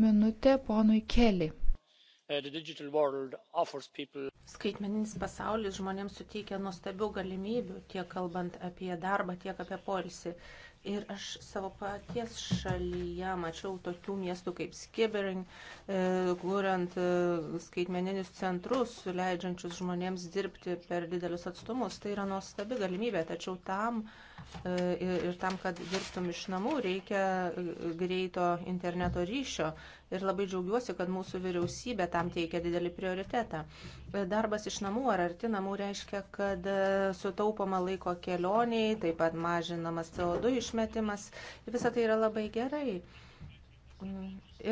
Minutė ponui Keli. Uh, Skaitmeninis pasaulis žmonėms suteikia nuostabių galimybių, tiek kalbant apie darbą, tiek apie poilsį. Ir aš savo paties šalyje mačiau tokių miestų kaip Skibering, uh, kuriant uh, skaitmeninius centrus, leidžiančius žmonėms dirbti per didelius atstumus. Tai yra nuostabi galimybė, tačiau tam, uh, E, ir tam, kad dirbtum iš namų, reikia e, greito interneto ryšio. Ir labai džiaugiuosi, kad mūsų vyriausybė tam teikia didelį prioritetą. E, darbas iš namų ar arti namų reiškia, kad sutaupama laiko kelioniai, taip pat mažinamas CO2 išmetimas. Visą tai yra labai gerai.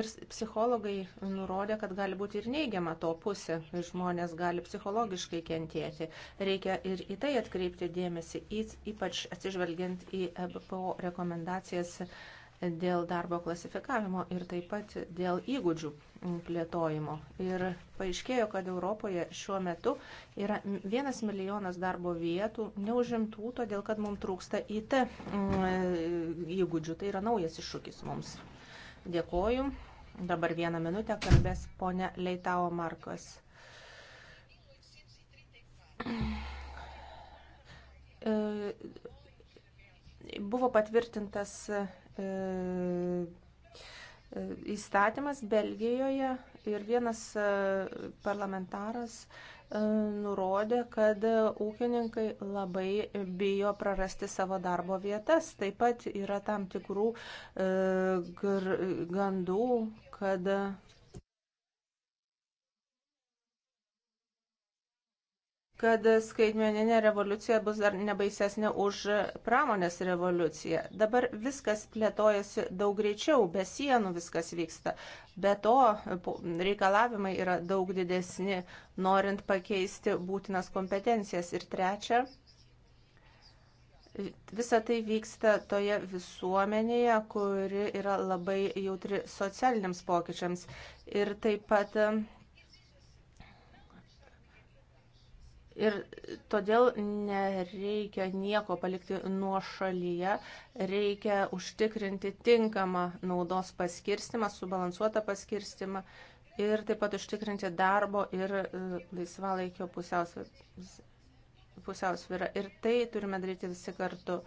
Ir psichologai nurodė, kad gali būti ir neigiama to pusė, žmonės gali psichologiškai kentėti. Reikia ir į tai atkreipti dėmesį, ypač atsižvelgiant į EBPO rekomendacijas dėl darbo klasifikavimo ir taip pat dėl įgūdžių plėtojimo. Ir paaiškėjo, kad Europoje šiuo metu yra vienas milijonas darbo vietų neužimtų, todėl kad mums trūksta IT įgūdžių. Tai yra naujas iššūkis mums. Dėkoju. Dabar vieną minutę kalbės ponia Leitao Markos. E, buvo patvirtintas e, e, įstatymas Belgijoje ir vienas parlamentaras E, nurodė, kad ūkininkai labai bijo prarasti savo darbo vietas. Taip pat yra tam tikrų e, gandų, kad kad skaitmeninė revoliucija bus dar nebaisesnė už pramonės revoliuciją. Dabar viskas plėtojasi daug greičiau, be sienų viskas vyksta. Be to, reikalavimai yra daug didesni, norint pakeisti būtinas kompetencijas. Ir trečia, visa tai vyksta toje visuomenėje, kuri yra labai jautri socialiniams pokyčiams. Ir taip pat Ir todėl nereikia nieko palikti nuo šalyje, reikia užtikrinti tinkamą naudos paskirstimą, subalansuotą paskirstimą ir taip pat užtikrinti darbo ir e, laisvalaikio pusiausvyrą. Ir tai turime daryti visi kartu.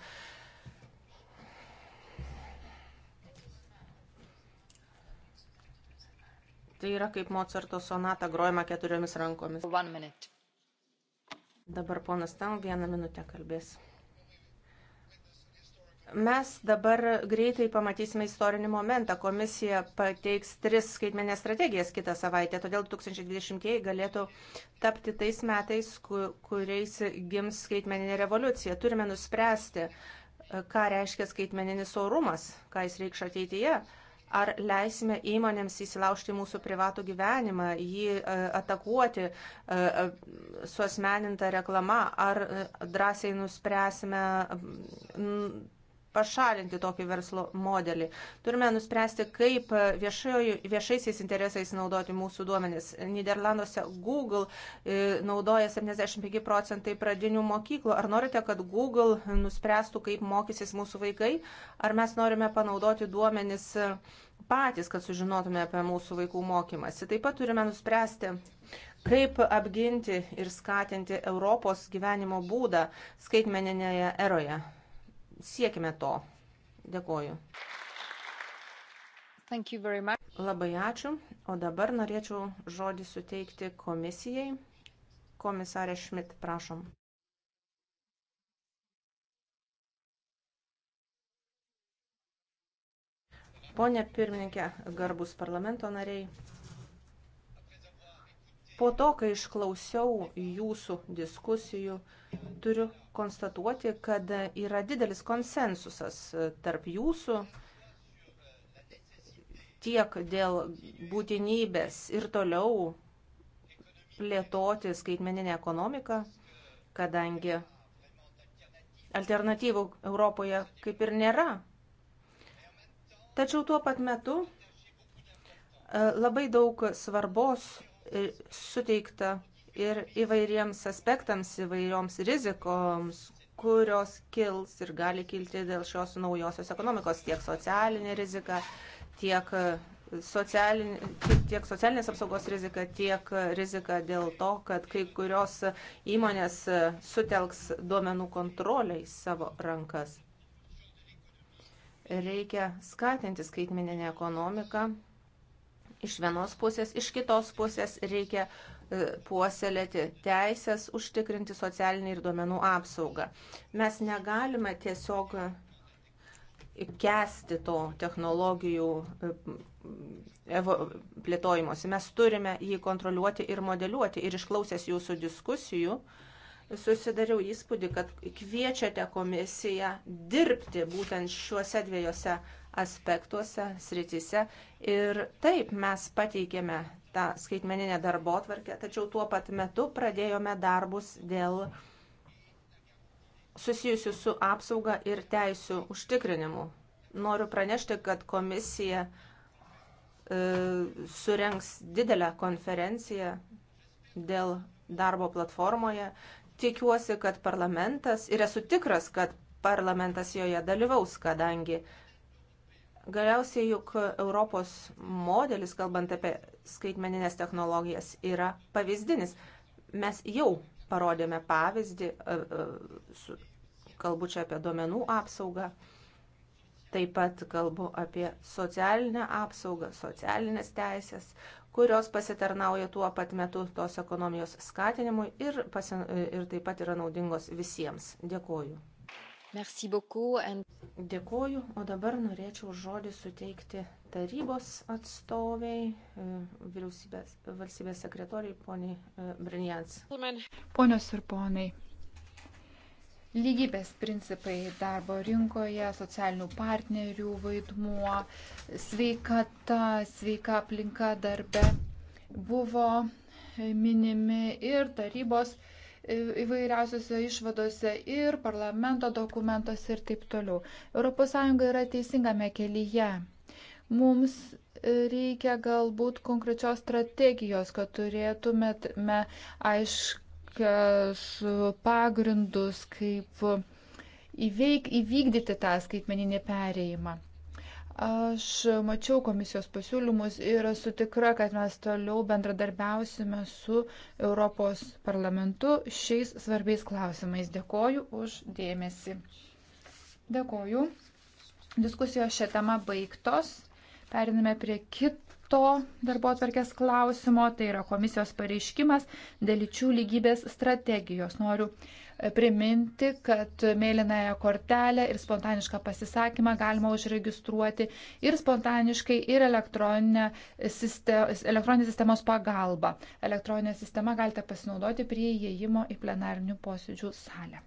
Tai yra kaip Mocarto sonata grojama keturiomis rankomis. One minute. Dabar ponas Tau vieną minutę kalbės. Mes dabar greitai pamatysime istorinį momentą. Komisija pateiks tris skaitmenės strategijas kitą savaitę, todėl 2020-ieji galėtų tapti tais metais, kuriais gims skaitmeninė revoliucija. Turime nuspręsti, ką reiškia skaitmeninis orumas, ką jis reikš ateityje. Ar leisime įmonėms įsilaužti mūsų privatų gyvenimą, jį e, atakuoti e, e, su asmeninta reklama, ar drąsiai nuspręsime pašalinti tokį verslo modelį. Turime nuspręsti, kaip viešojo, viešaisiais interesais naudoti mūsų duomenis. Niderlanduose Google e, naudoja 75 procentai pradinių mokyklų. Ar norite, kad Google nuspręstų, kaip mokysis mūsų vaikai? Ar mes norime panaudoti duomenis e, patys, kad sužinotume apie mūsų vaikų mokymasi? Taip pat turime nuspręsti, Kaip apginti ir skatinti Europos gyvenimo būdą skaitmeninėje eroje? siekime to. Dėkoju. Labai ačiū. O dabar norėčiau žodį suteikti komisijai. Komisarė Šmit, prašom. Pone pirmininkė, garbus parlamento nariai, po to, kai išklausiau jūsų diskusijų, turiu konstatuoti, kad yra didelis konsensusas tarp jūsų tiek dėl būtinybės ir toliau plėtoti skaitmeninę ekonomiką, kadangi alternatyvų Europoje kaip ir nėra. Tačiau tuo pat metu e, labai daug svarbos e, suteikta ir įvairiems aspektams, įvairioms rizikoms, kurios kils ir gali kilti dėl šios naujosios ekonomikos, tiek socialinė rizika, tiek, e, socialin, tiek socialinės apsaugos rizika, tiek rizika dėl to, kad kai kurios įmonės e, sutelks duomenų kontrolę į savo rankas. Reikia skatinti skaitmeninę ekonomiką iš vienos pusės, iš kitos pusės reikia E, puoselėti teisės, užtikrinti socialinį ir duomenų apsaugą. Mes negalime tiesiog kesti to technologijų e, plėtojimuose. Mes turime jį kontroliuoti ir modeliuoti. Ir išklausęs jūsų diskusijų, uh, susidariau įspūdį, kad kviečiate komisiją dirbti būtent šiuose dviejose aspektuose, srityse. Ir taip mes pateikėme tą skaitmeninę darbo atvarkę, tačiau tuo pat metu pradėjome darbus dėl susijusių su apsauga ir teisų užtikrinimu. Noriu pranešti, kad komisija e, surenks didelę konferenciją dėl darbo platformoje tikiuosi, kad parlamentas ir esu tikras, kad parlamentas joje dalyvaus, kadangi galiausiai juk Europos modelis, kalbant apie skaitmeninės technologijas, yra pavyzdinis. Mes jau parodėme pavyzdį, e, e, kalbu čia apie duomenų apsaugą, taip pat kalbu apie socialinę apsaugą, socialinės teisės, kurios pasitarnauja tuo pat metu tos ekonomijos skatinimui ir, pasi, ir taip pat yra naudingos visiems. Dėkoju. Merci beaucoup. And... Dėkoju, o dabar norėčiau žodį suteikti tarybos atstoviai, e, vyriausybės, valstybės sekretoriai, poniai e, Brinjans. Ponios ir ponai, Lygybės principai darbo rinkoje, socialinių partnerių vaidmuo, sveikata, sveika aplinka darbe buvo minimi ir tarybos e, įvairiausiose išvadose ir parlamento dokumentuose ir taip toliau. ES yra teisingame kelyje. Mums reikia galbūt konkrečios strategijos, kad turėtumėme aiškiai kokius pagrindus, kaip įveik, įvykdyti tą skaitmeninį perėjimą. Aš mačiau komisijos pasiūlymus ir esu tikra, kad mes toliau bendradarbiausime su Europos parlamentu šiais svarbiais klausimais. Dėkoju už dėmesį. Dėkoju. Diskusijos šią temą baigtos. Periname prie kito penkto darbo atverkės klausimo, tai yra komisijos pareiškimas dėl lyčių lygybės strategijos. Noriu e, priminti, kad mėlynąją kortelę ir spontanišką pasisakymą galima užregistruoti ir spontaniškai, ir elektroninė sistemos, elektroninės sistemos pagalba. Elektroninę sistemą galite pasinaudoti prie įėjimo į plenarinių posėdžių salę.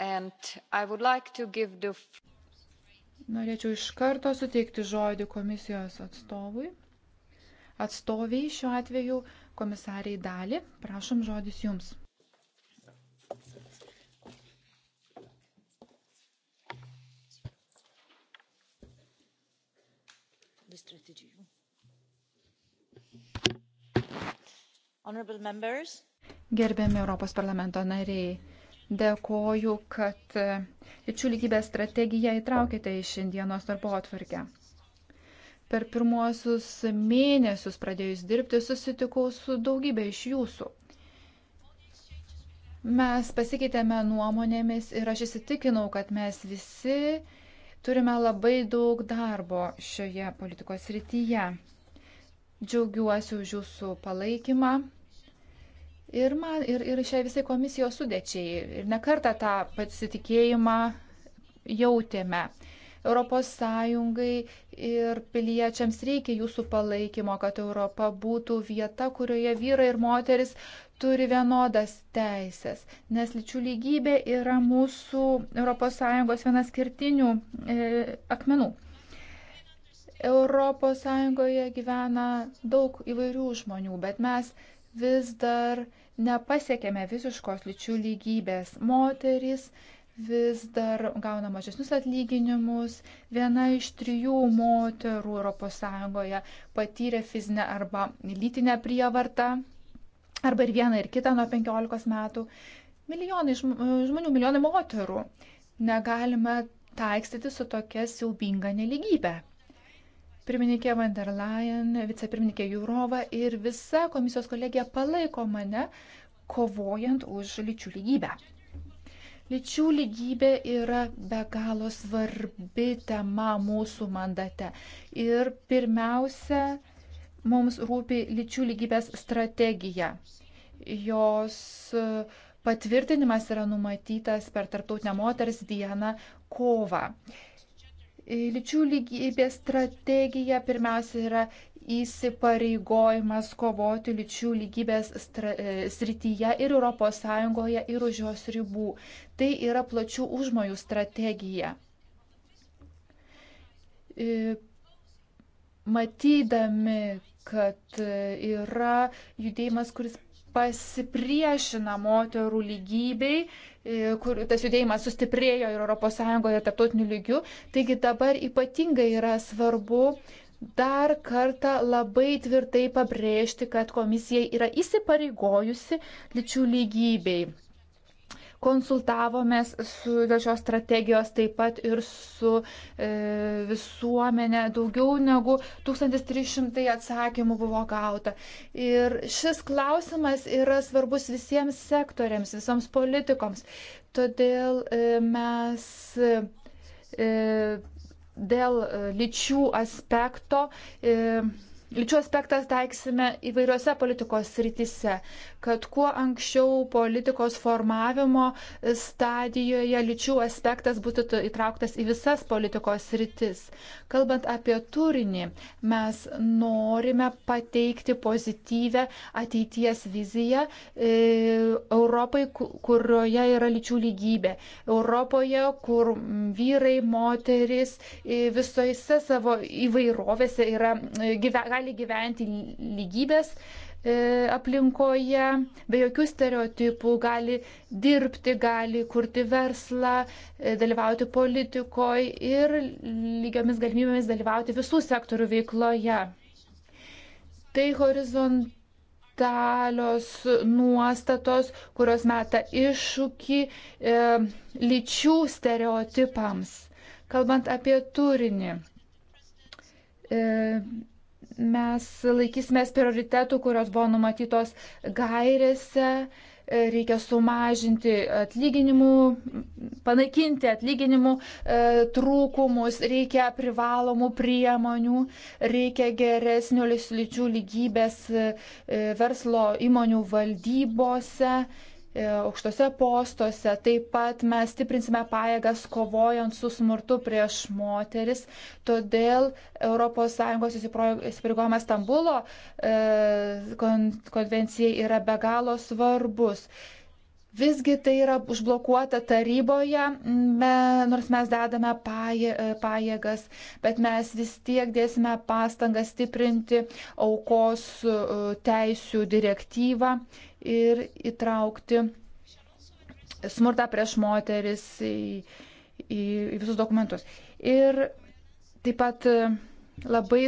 Like the... Norėčiau iš karto suteikti žodį komisijos atstovui. Atstoviai šiuo atveju komisariai dalį. Prašom žodis jums. Gerbiami Europos parlamento nariai, Dėkoju, kad e, lyčių lygybės strategiją įtraukėte į šiandienos darbo atvarkę. Per pirmuosius mėnesius pradėjus dirbti susitikau su daugybė iš jūsų. Mes pasikeitėme nuomonėmis ir aš įsitikinau, kad mes visi turime labai daug darbo šioje politikos rytyje. Džiaugiuosi už jūsų palaikymą ir, man, ir, ir šiai visai komisijos sudėčiai. Ir nekartą tą pasitikėjimą jautėme. Europos Sąjungai ir piliečiams reikia jūsų palaikymo, kad Europa būtų vieta, kurioje vyrai ir moteris turi vienodas teisės, nes lyčių lygybė yra mūsų ES vienas skirtinių e, akmenų. ES gyvena daug įvairių žmonių, bet mes vis dar nepasiekėme visiškos lyčių lygybės. Moterys vis dar gauna mažesnius atlyginimus. Viena iš trijų moterų ES patyrė fizinę arba lytinę prievartą, arba ir vieną ir kitą nuo 15 metų. Milijonai žmonių, milijonai moterų. Negalime taikstyti su tokia siaubinga neligybė. Pirmininkė van der Leyen, vicepirmininkė Jūrova ir visa komisijos kolegija palaiko mane, kovojant už lyčių lygybę. Lyčių lygybė yra be galo svarbi tema mūsų mandate. Ir pirmiausia, mums rūpi lyčių lygybės strategija. Jos e, patvirtinimas yra numatytas per Tartautinę moters dieną kovą. E, lyčių lygybės strategija pirmiausia yra įsipareigojimas kovoti lyčių lygybės e, srityje ir ES ir už jos ribų. Tai yra plačių užmojų strategija. E, matydami, kad yra judėjimas, kuris pasipriešina moterų lygybei, e, kur tas judėjimas sustiprėjo ir ES ir tarptautiniu lygiu. Taigi dabar ypatingai yra svarbu dar kartą labai tvirtai pabrėžti, kad komisija yra įsipareigojusi lyčių lygybei konsultavomės su dėl šios strategijos taip pat ir su e, visuomenė. Daugiau negu 1300 atsakymų buvo gauta. Ir šis klausimas yra svarbus visiems sektoriams, visoms politikoms. Todėl e, mes. E, Dėl e, lyčių aspekto e, lyčių aspektas taiksime įvairiose politikos rytise, kad kuo anksčiau politikos formavimo stadijoje lyčių aspektas būtų įtrauktas į visas politikos rytis. Kalbant apie turinį, mes norime pateikti pozityvę ateities viziją e, Europai, kurioje yra lyčių lygybė. Europoje, kur vyrai, moteris e, visose savo įvairovėse yra gyvenime gali gyventi lygybės e, aplinkoje, be jokių stereotipų, gali dirbti, gali kurti verslą, e, dalyvauti politikoje ir lygiomis galimybėmis dalyvauti visų sektorių veikloje. Tai horizontalios nuostatos, kurios meta iššūkį e, lyčių stereotipams. Kalbant apie turinį. E, mes laikysimės prioritetų, kurios buvo numatytos gairėse. Reikia sumažinti atlyginimų, panaikinti atlyginimų e, trūkumus, reikia privalomų priemonių, reikia geresnio lyčių lygybės e, verslo įmonių valdybose. E, E, aukštose postuose. Taip pat mes stiprinsime pajėgas kovojant su smurtu prieš moteris. Todėl ES įsipareigojimas Stambulo e, konvencijai yra be galo svarbus. Visgi tai yra užblokuota taryboje, me, nors mes dedame e, pajėgas, bet mes vis tiek dėsime pastangą stiprinti aukos teisų direktyvą ir įtraukti smurtą prieš moteris į, į, į visus dokumentus. Ir taip pat e, labai,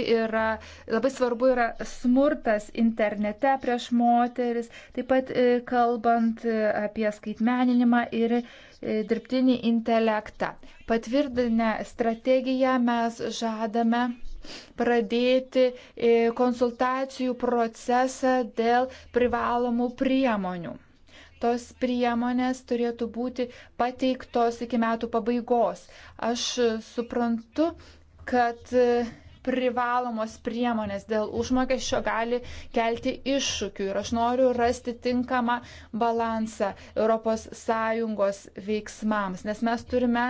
yra, labai svarbu yra smurtas internete prieš moteris, taip pat e, kalbant e, apie skaitmeninimą ir dirbtinį intelektą. Patvirtinę strategiją mes žadame pradėti e, konsultacijų procesą dėl privalomų priemonių. Tos priemonės turėtų būti pateiktos iki metų pabaigos. Aš suprantu, kad e, privalomos priemonės dėl užmokesčio gali kelti iššūkių ir aš noriu rasti tinkamą balansą ES veiksmams, nes mes turime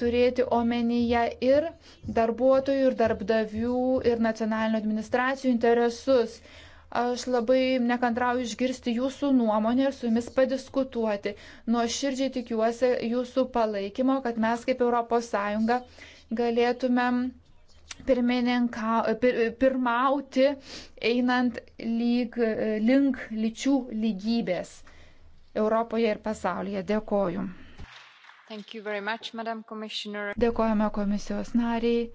turėti omenyje ir darbuotojų, ir darbdavių, ir nacionalinių administracijų interesus. Aš labai nekantrauju išgirsti jūsų nuomonę ir su jumis padiskutuoti. Nuoširdžiai tikiuosi jūsų palaikymo, kad mes kaip ES galėtumėm pir, pirmauti einant lyg, link lyčių lygybės Europoje ir pasaulyje. Dėkoju. Much, Dėkojame komisijos nariai.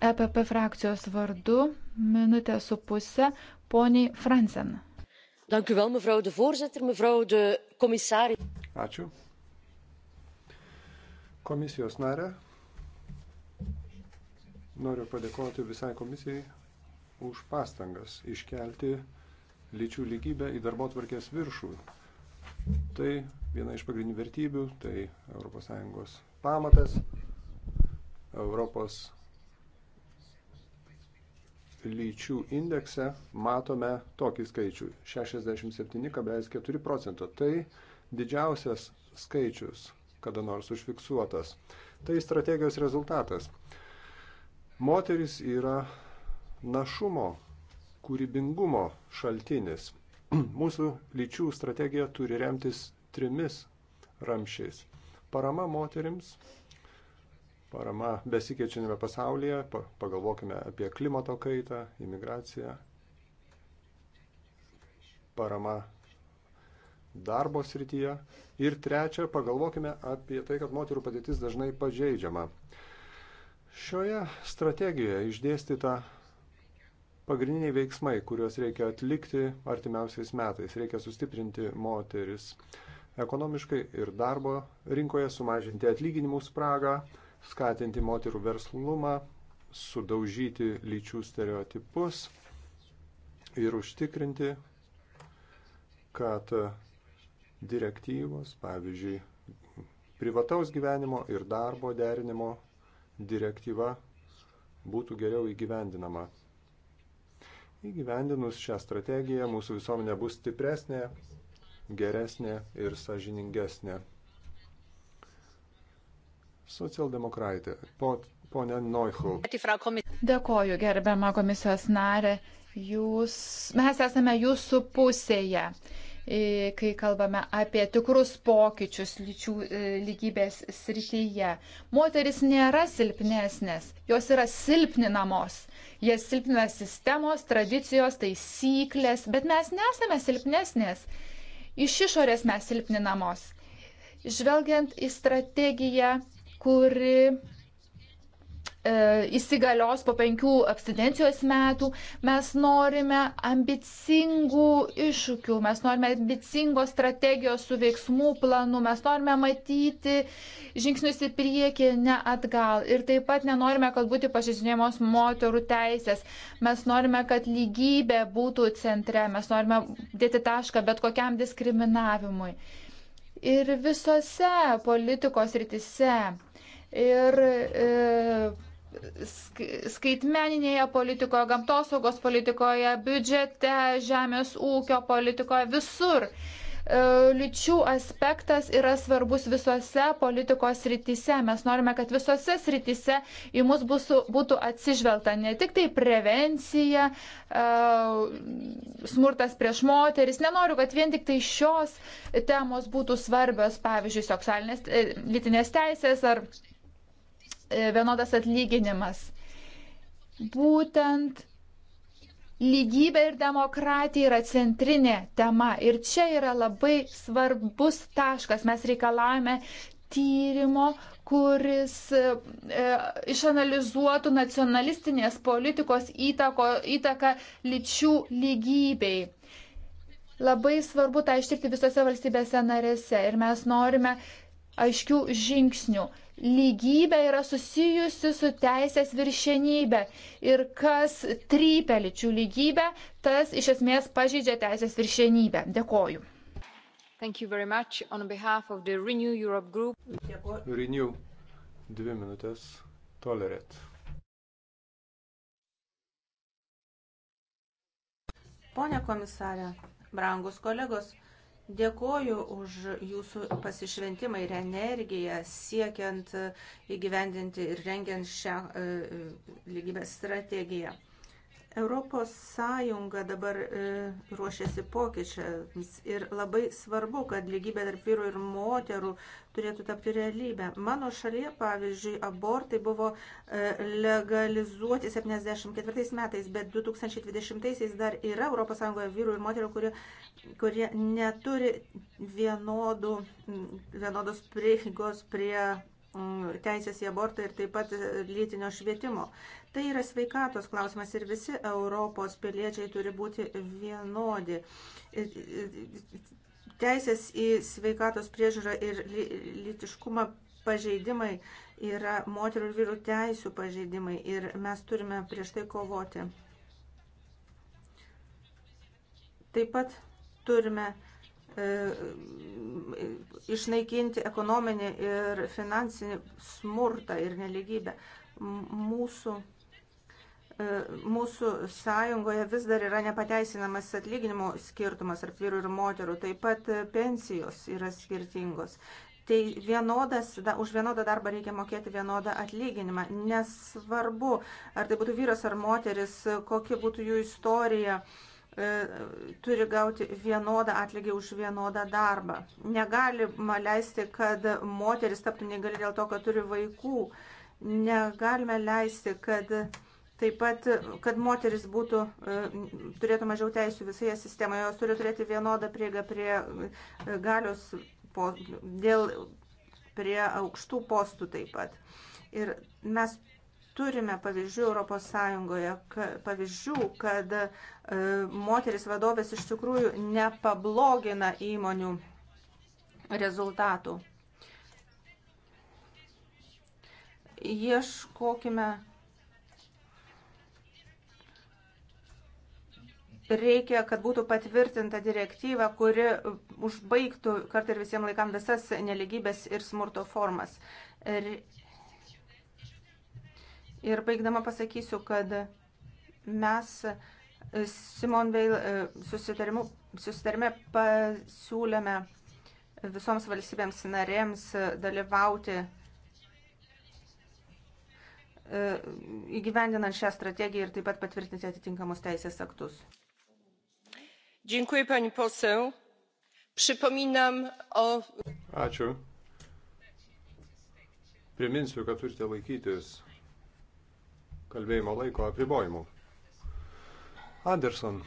EPP frakcijos vardu minutę su pusę poniai Fransen. Dankuvel, mevrouw de voorzitter, mevrouw de commissaris. Ačiū. Komisijos narė. Noriu padėkoti visai komisijai už pastangas iškelti lyčių lygybę į darbo tvarkės viršų. Tai viena iš pagrindinių vertybių, tai ES pamatas, Europos lyčių indekse matome tokį skaičių - 67,4 procento. Tai didžiausias skaičius kada nors užfiksuotas. Tai strategijos rezultatas. Moteris yra našumo, kūrybingumo šaltinis. Mūsų lyčių strategija turi remtis trimis ramšiais. Parama moterims, parama besikeičianime pasaulyje, pagalvokime apie klimato kaitą, imigraciją, parama darbo srityje. Ir trečia, pagalvokime apie tai, kad moterų padėtis dažnai pažeidžiama. Šioje strategijoje išdėstyta pagrindiniai veiksmai, kuriuos reikia atlikti artimiausiais metais. Reikia sustiprinti moteris ekonomiškai ir darbo rinkoje, sumažinti atlyginimų spragą, skatinti moterų verslumą, sudaužyti lyčių stereotipus ir užtikrinti, kad direktyvos, pavyzdžiui, privataus gyvenimo ir darbo derinimo direktyva būtų geriau įgyvendinama. Įgyvendinus šią strategiją mūsų visuomenė bus stipresnė, geresnė ir sažiningesnė. Socialdemokraitė, po, ponė Neuchel. Dėkoju, gerbiama komisijos narė. Jūs, mes esame jūsų pusėje, e, kai kalbame apie tikrus pokyčius lyčių e, lygybės srityje. Moteris nėra silpnesnės, jos yra silpninamos. Jie silpnina sistemos, tradicijos, taisyklės, bet mes nesame silpnesnės iš išorės mes silpninamos. Žvelgiant į strategiją, kuri E, įsigalios po penkių abstinencijos metų. Mes norime ambicingų iššūkių, mes norime ambicingos strategijos su veiksmų planu, mes norime matyti žingsnius į priekį, ne atgal. Ir taip pat nenorime, kad būtų pažeidinėjamos moterų teisės. Mes norime, kad lygybė būtų centre, mes norime dėti tašką bet kokiam diskriminavimui. Ir visose politikos rytise. Ir e, skaitmeninėje politikoje, gamtosaugos politikoje, biudžete, žemės ūkio politikoje, visur. E, lyčių aspektas yra svarbus visose politikos rytise. Mes norime, kad visose rytise į mus būtų atsižvelgta ne tik tai prevencija, e, smurtas prieš moteris. Nenoriu, kad vien tik tai šios temos būtų svarbios, pavyzdžiui, seksualinės e, lytinės teisės ar E, vienodas atlyginimas. Būtent lygybė ir demokratija yra centrinė tema. Ir čia yra labai svarbus taškas. Mes reikalavome tyrimo, kuris e, e išanalizuotų nacionalistinės politikos įtako, įtaką lyčių lygybei. Labai svarbu tą ištirti visose valstybėse narėse ir mes norime aiškių žingsnių. Lygybė yra susijusi su teisės viršenybė. Ir kas trypia lyčių lygybę, tas iš esmės pažydžia teisės viršenybę. Dėkoju. Renew Europe Group. Renew. Dvi minutės. Tolerate. Pone komisarė, brangus kolegos, Dėkoju už jūsų pasišventimą ir energiją siekiant įgyvendinti ir rengiant šią e, lygybės strategiją. Europos Sąjunga dabar e, ruošiasi pokyčiams ir labai svarbu, kad lygybė tarp vyrų ir moterų turėtų tapti realybę. Mano šalyje, pavyzdžiui, abortai buvo e, legalizuoti 74 metais, bet 2020 dar yra Europos Sąjungoje vyrų ir moterų, kurie kurie neturi vienodų, vienodos prieigos prie mm, teisės į abortą ir taip pat e, lytinio švietimo. Tai yra sveikatos klausimas ir visi Europos piliečiai turi būti vienodi. E, e, teisės į sveikatos priežiūrą ir lytiškumą pažeidimai yra moterų ir vyrų teisų pažeidimai ir mes turime prieš tai kovoti. Taip pat Turime e, išnaikinti ekonominį ir finansinį smurtą ir neligybę. Mūsų, e, mūsų sąjungoje vis dar yra nepateisinamas atlyginimo skirtumas tarp vyrų ir moterų, taip pat pensijos yra skirtingos. Tai vienodas, da, už vienodą darbą reikia mokėti vienodą atlyginimą. Nesvarbu, ar tai būtų vyras ar moteris, kokia būtų jų istorija. Uh, E, turi gauti vienodą atlygį už vienodą darbą. Negalima leisti, kad moteris taptų negali dėl to, kad turi vaikų. Negalime leisti, kad taip pat, kad moteris būtų, e, turėtų mažiau teisų visoje sistemoje, jos turi turėti vienodą prieigą prie e, galios po, dėl, prie aukštų postų taip pat. Ir mes Turime pavyzdžių Europos Sąjungoje, ka, pavyzdžių, kad e, moteris vadovės iš tikrųjų nepablogina įmonių rezultatų. Ieškokime reikia, kad būtų patvirtinta direktyva, kuri užbaigtų kart ir visiems laikam visas neligybės ir smurto formas. Ir baigdama pasakysiu, kad mes e, Simon Veil e, susitarime pasiūlėme visoms valstybėms narėms dalyvauti e, įgyvendinant šią strategiją ir taip pat patvirtinti atitinkamus teisės aktus. Dziękuję pani poseł. Przypominam o. Ačiū. Priminsiu, kad turite laikytis kalbėjimo laiko apribojimų. Anderson.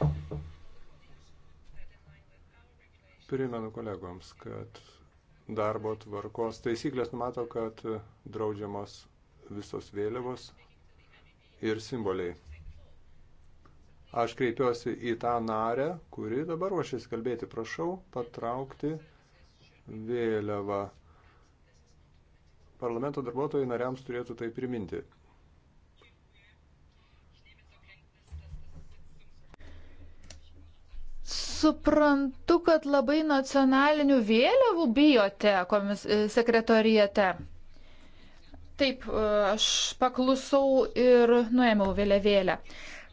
Primenu kolegoms, kad darbo tvarkos taisyklės numato, kad draudžiamos visos vėliavos ir simboliai. Aš kreipiuosi į tą narę, kuri dabar ruošiasi kalbėti. Prašau patraukti vėliavą. Parlamento darbuotojai nariams turėtų tai priminti. suprantu, kad labai nacionalinių vėliavų bijote komis, e, sekretorijate. Taip, e, aš paklusau ir nuėmiau vėliavėlę.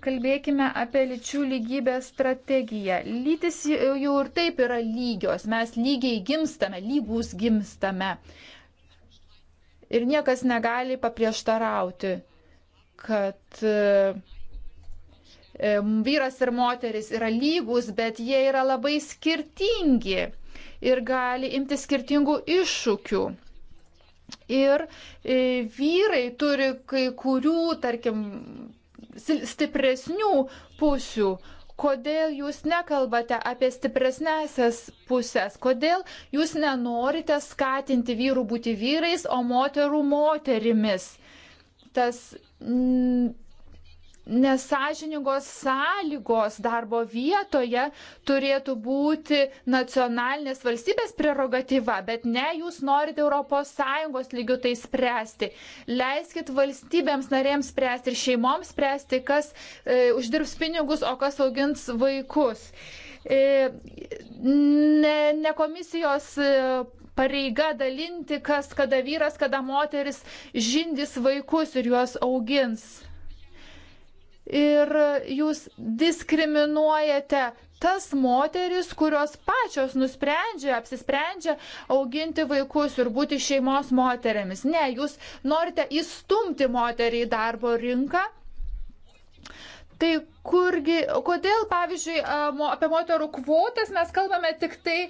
Kalbėkime apie lyčių lygybės strategiją. Lytis jau ir taip yra lygios. Mes lygiai gimstame, lygus gimstame. Ir niekas negali paprieštarauti, kad uh, E, vyras ir moteris yra lygus, bet jie yra labai skirtingi ir gali imti skirtingų iššūkių. Ir e, vyrai turi kai kurių, tarkim, stipresnių pusių. Kodėl jūs nekalbate apie stipresnėsias pusės? Kodėl jūs nenorite skatinti vyrų būti vyrais, o moterų moterimis? Tas nesažiningos sąlygos darbo vietoje turėtų būti nacionalinės valstybės prerogatyva, bet ne jūs norite ES lygių tai spręsti. Leiskit valstybėms narėms spręsti ir šeimoms spręsti, kas e, uždirbs pinigus, o kas augins vaikus. E, ne, ne komisijos. E, pareiga dalinti, kas kada vyras, kada moteris žindys vaikus ir juos augins ir jūs diskriminuojate tas moteris, kurios pačios nusprendžia, apsisprendžia auginti vaikus ir būti šeimos moteriamis. Ne, jūs norite įstumti moterį į darbo rinką Tai kurgi, kodėl, pavyzdžiui, apie moterų kvotas mes kalbame tik tai e,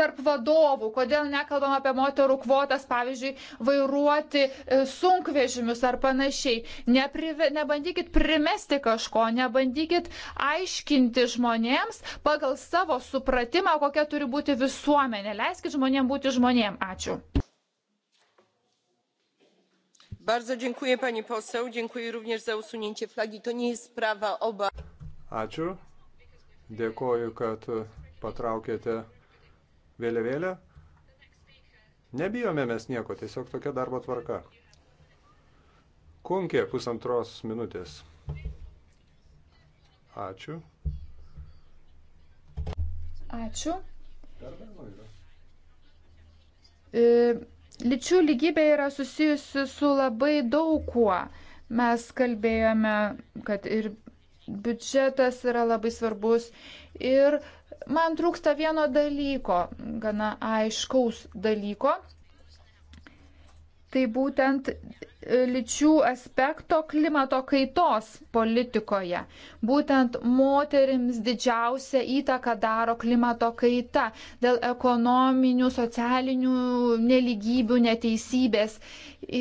tarp vadovų, kodėl nekalbame apie moterų kvotas, pavyzdžiui, vairuoti e, sunkvežimius ar panašiai. Neprive, nebandykit primesti kažko, nebandykit aiškinti žmonėms pagal savo supratimą, kokia turi būti visuomenė. Leiskit žmonėms būti žmonėms. Ačiū. Bardzo dziękuję pani poseł, dziękuję również za usunięcie flagi. To nie jest sprawa oba. Ačiū. Dėkoju, kad patraukėte vėliavėlę. Nebijome mes nieko, tiesiog tokia darbo tvarka. Kunkė pusantros minutės. Ačiū. Ačiū. Dar dar yra. E Lyčių lygybė yra susijusi su labai daug kuo. Mes kalbėjome, kad ir biudžetas yra labai svarbus. Ir man trūksta vieno dalyko, gana aiškaus dalyko tai būtent e, lyčių aspekto klimato kaitos politikoje. Būtent moterims didžiausia įtaka daro klimato kaita dėl ekonominių, socialinių neligybių, neteisybės.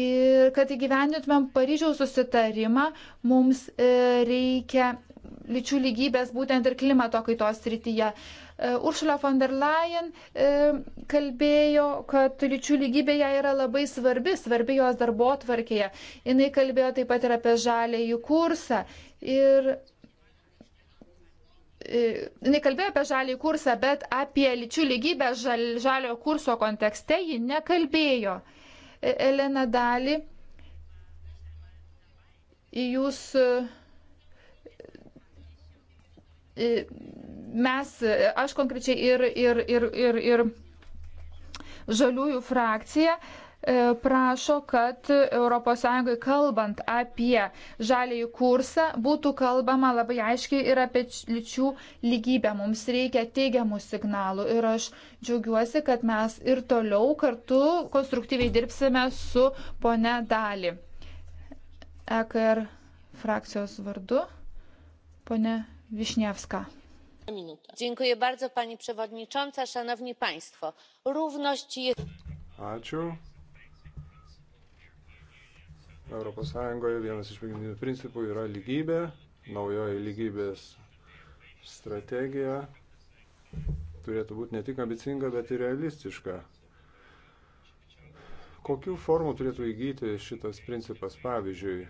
Ir kad įgyvendintumėm Paryžiaus susitarimą, mums e, reikia lyčių lygybės būtent ir klimato kaitos srityje. E, Uršula von der Leyen e, kalbėjo, kad lyčių lygybė jai yra labai svarbi, svarbi jos darbo tvarkėje. Jis kalbėjo taip pat ir apie žalėjų kursą. Ir e, jinai kalbėjo apie žalį kursą, bet apie lyčių lygybę žal, žalio kurso kontekste ji nekalbėjo. Elena Dali, jūs E, mes, e, aš konkrečiai ir, ir, ir, ir, ir žaliųjų frakcija e, prašo, kad ES kalbant apie žalėjų kursą būtų kalbama labai aiškiai ir apie lyčių lygybę. Mums reikia teigiamų signalų ir aš džiaugiuosi, kad mes ir toliau kartu konstruktyviai dirbsime su pone Dali. EKR frakcijos vardu, pone Wiśniewska. Dziękuję bardzo pani przewodnicząca, szanowni państwo. Równość jest. Ačiū. Europos Sąjungoje vienas iš pagrindinių principų yra lygybė, naujoji lygybės strategija turėtų būti ne tik ambicinga, bet ir realistiška. Kokių formų turėtų įgyti šitas principas? Pavyzdžiui,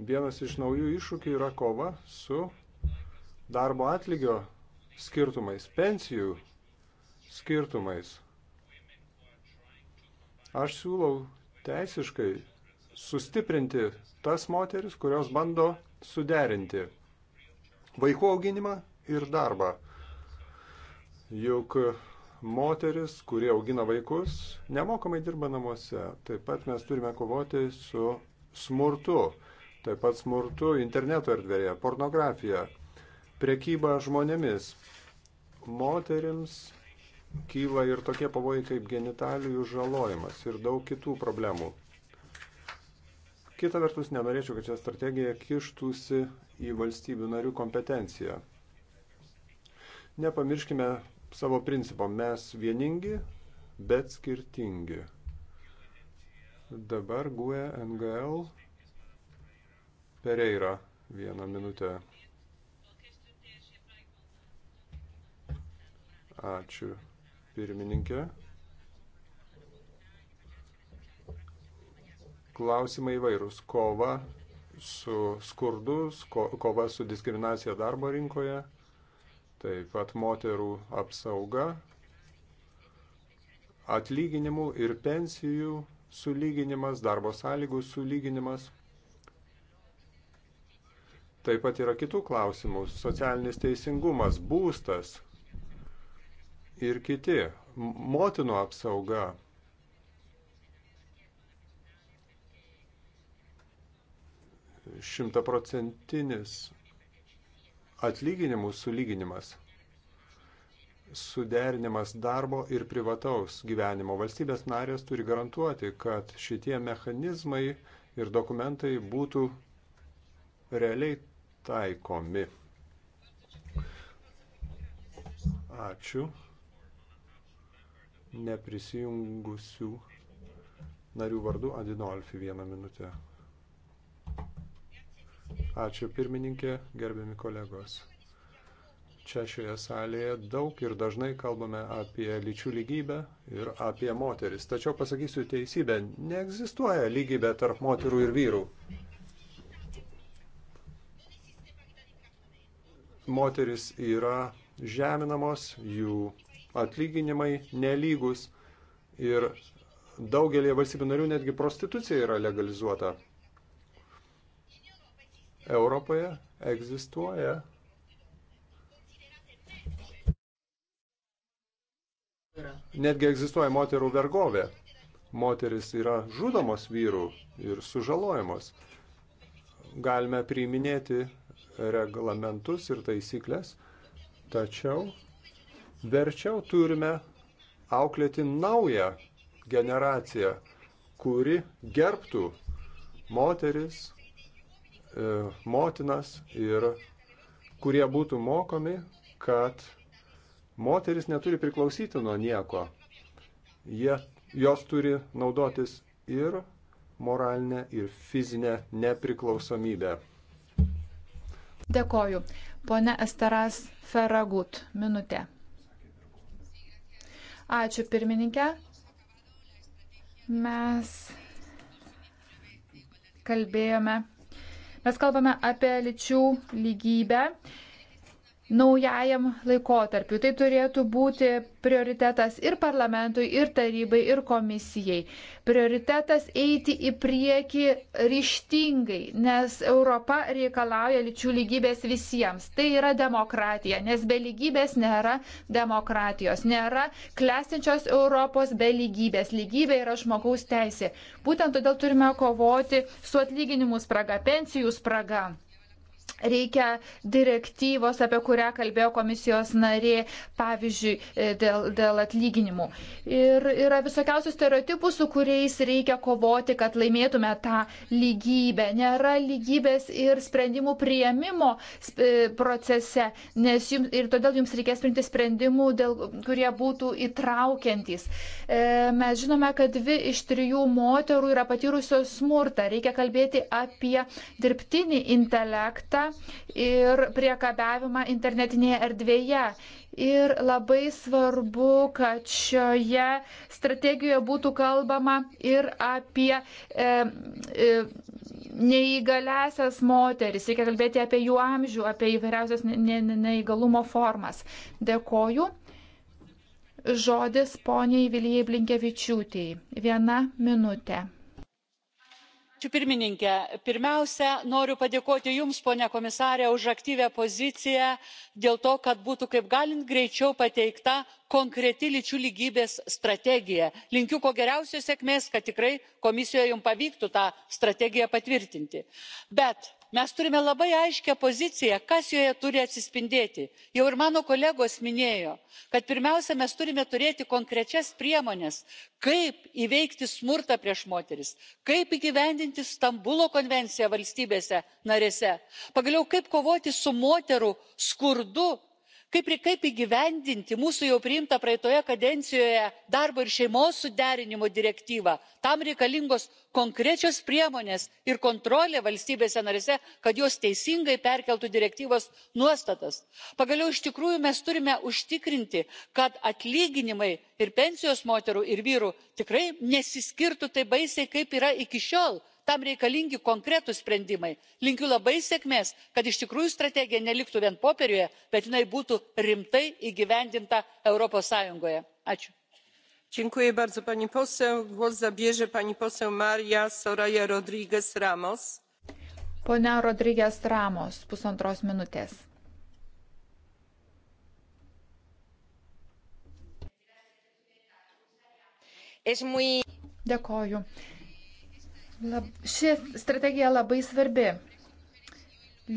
Vienas iš naujų iššūkių yra kova su darbo atlygio skirtumais, pensijų skirtumais. Aš siūlau teisiškai sustiprinti tas moteris, kurios bando suderinti vaikų auginimą ir darbą. Juk moteris, kurie augina vaikus, nemokamai dirba namuose. Taip pat mes turime kovoti su smurtu taip pat smurtu interneto erdvėje, pornografija, priekyba žmonėmis. Moterims kyla ir tokie pavojai kaip genitalijų žalojimas ir daug kitų problemų. Kita vertus, nenorėčiau, kad čia strategija kištųsi į valstybių narių kompetenciją. Nepamirškime savo principo, mes vieningi, bet skirtingi. Dabar GUE NGL Pereira, vieną minutę. Ačiū, pirmininkė. Klausimai įvairūs. Kova su skurdu, kova su diskriminacija darbo rinkoje, taip pat moterų apsauga, atlyginimų ir pensijų sulyginimas, darbo sąlygų sulyginimas. Taip pat yra kitų klausimų - socialinis teisingumas, būstas ir kiti, motinų apsauga. Šimtaprocentinis atlyginimų sulyginimas, suderinimas darbo ir privataus gyvenimo. Valstybės narės turi garantuoti, kad šitie mechanizmai ir dokumentai būtų realiai taikomi. Ačiū. Neprisijungusių narių vardu Adinolfi vieną minutę. Ačiū pirmininkė, gerbiami kolegos. Čia šioje salėje daug ir dažnai kalbame apie lyčių lygybę ir apie moteris. Tačiau pasakysiu teisybę, neegzistuoja lygybė tarp moterų ir vyrų. moteris yra žeminamos, jų atlyginimai nelygus ir daugelie valstybių narių netgi prostitucija yra legalizuota. Europoje egzistuoja netgi egzistuoja moterų vergovė. Moteris yra žudomos vyrų ir sužalojamos. Galime priiminėti reglamentus ir taisyklės, tačiau verčiau turime auklėti naują generaciją, kuri gerbtų moteris, e, motinas ir kurie būtų mokomi, kad moteris neturi priklausyti nuo nieko. Jie, jos turi naudotis ir moralinę, ir fizinę nepriklausomybę. Dėkoju. Pone Esteras Feragut, minutė. Ačiū pirmininkė. Mes kalbėjome. Mes kalbame apie lyčių lygybę naujajam laikotarpiu. Tai turėtų būti prioritetas ir parlamentui, ir tarybai, ir komisijai. Prioritetas eiti į priekį ryštingai, nes Europa reikalauja lyčių lygybės visiems. Tai yra demokratija, nes be lygybės nėra demokratijos, nėra klestinčios Europos be lygybės. Lygybė yra žmogaus teisė. Būtent todėl turime kovoti su atlyginimų spraga, pensijų spraga reikia direktyvos, apie kurią kalbėjo komisijos narė, pavyzdžiui, e, dėl, dėl atlyginimų. Ir yra visokiausių stereotipų, su kuriais reikia kovoti, kad laimėtume tą lygybę. Nėra lygybės ir sprendimų prieimimo e, procese, nes jums, ir todėl jums reikės priimti sprendimų, dėl, kurie būtų įtraukiantys. E, mes žinome, kad dvi iš trijų moterų yra patyrusios smurtą. Reikia kalbėti apie dirbtinį intelektą smurtą ir priekabiavimą internetinėje erdvėje. Ir labai svarbu, kad šioje strategijoje būtų kalbama ir apie e, e, neįgalesias moteris. Reikia kalbėti apie jų amžių, apie įvairiausias ne, ne, neįgalumo formas. Dėkoju žodis poniai Vilijai Blinkevičiūtėjai. Viena minutė pirmiausia noriu padėkoti jums pone komisare už aktyvią poziciją dėl to kad būtų kaip galint greičiau pateikta konkreti lyčių lygybės strategija. linkiu kuo geriausios sėkmės kad tikrai komisijoje jums pavyktų tą strategiją patvirtinti. bet mes turime labai aiškią poziciją kas joje turi atsispindėti jau ir mano kolegos minėjo kad pirmiausia mes turime turėti konkrečias priemones kaip įveikti smurtą prieš moteris kaip įgyvendinti stambulo konvenciją valstybėse narėse pagaliau kaip kovoti su moterų skurdu kaip įgyvendinti mūsų jau priimtą praeitoje kadencijoje darbo ir šeimos suderinimo direktyvą tam reikalingos konkrečios priemonės ir kontrolė valstybėse narėse kad jos teisingai perkeltų direktyvos nuostatas. pagaliau iš tikrųjų mes turime užtikrinti kad atlyginimai ir pensijos moterų ir vyrų tikrai nesiskirtų taip baisiai kaip yra iki šiol tam reikalingi konkretūs sprendimai. linkiu labai sėkmės kad iš tikrųjų strategija neliktų vien popieriuje bet jinai būtų rimtai įgyvendinta europos sąjungoje. ponia rodrigues ramos pusantros minutės. Dėkoju. Lab, ši strategija labai svarbi.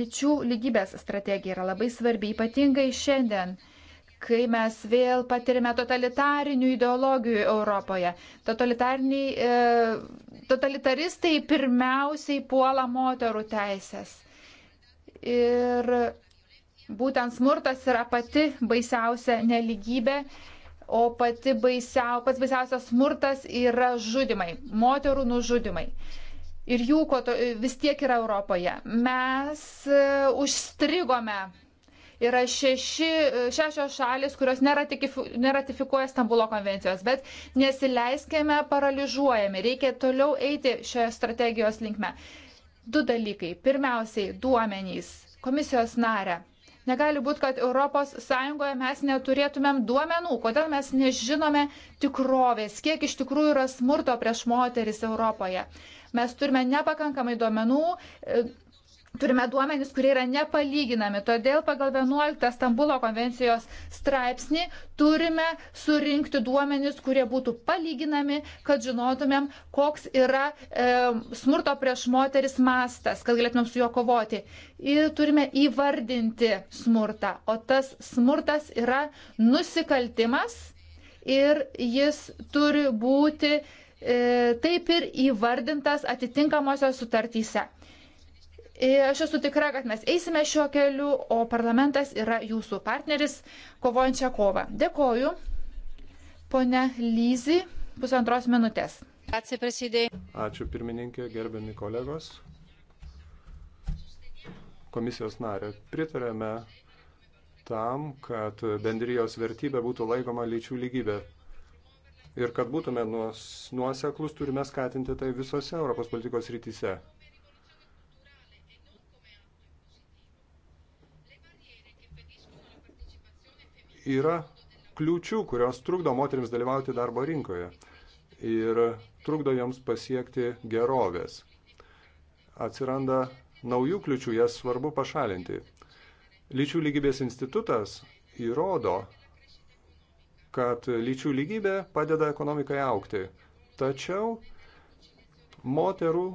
Lyčių lygybės strategija yra labai svarbi, ypatingai šiandien, kai mes vėl patirime totalitarinių ideologijų Europoje. E, totalitaristai pirmiausiai puola moterų teisės. Ir būtent smurtas yra pati baisiausia neligybė o pati baisiau, pats baisiausias smurtas yra žudimai, moterų nužudimai. Ir jų to, vis tiek yra Europoje. Mes e, užstrigome. Yra šeši, e, šešios šalis, kurios neratifiku, neratifikuoja Stambulo konvencijos, bet nesileiskime paralyžiuojami. Reikia toliau eiti šioje strategijos linkme. Du dalykai. Pirmiausiai, duomenys. Komisijos narė Negali būti, kad ES mes neturėtumėm duomenų, kodėl mes nežinome tikrovės, kiek iš tikrųjų yra smurto prieš moteris Europoje. Mes turime nepakankamai duomenų, turime duomenys, kurie yra nepalyginami. Todėl pagal 11 Stambulo konvencijos straipsnį turime surinkti duomenys, kurie būtų palyginami, kad žinotumėm, koks yra e, smurto prieš moteris mastas, kad galėtumėm su juo kovoti. Ir turime įvardinti smurtą. O tas smurtas yra nusikaltimas ir jis turi būti e, taip ir įvardintas atitinkamosios sutartyse. Aš esu tikra, kad mes eisime šiuo keliu, o parlamentas yra jūsų partneris kovojančią kovą. Dėkoju. Pone Lyzy, pusantros minutės. Ačiū pirmininkė, gerbiami kolegos. Komisijos narė, pritarėme tam, kad bendrijos vertybė būtų laikoma lyčių lygybė. Ir kad būtume nuos, nuoseklus, turime skatinti tai visose Europos politikos rytise. yra kliūčių, kurios trukdo moteriams dalyvauti darbo rinkoje ir trukdo joms pasiekti gerovės. Atsiranda naujų kliūčių, jas svarbu pašalinti. Lyčių lygybės institutas įrodo, kad lyčių lygybė padeda ekonomikai aukti. Tačiau moterų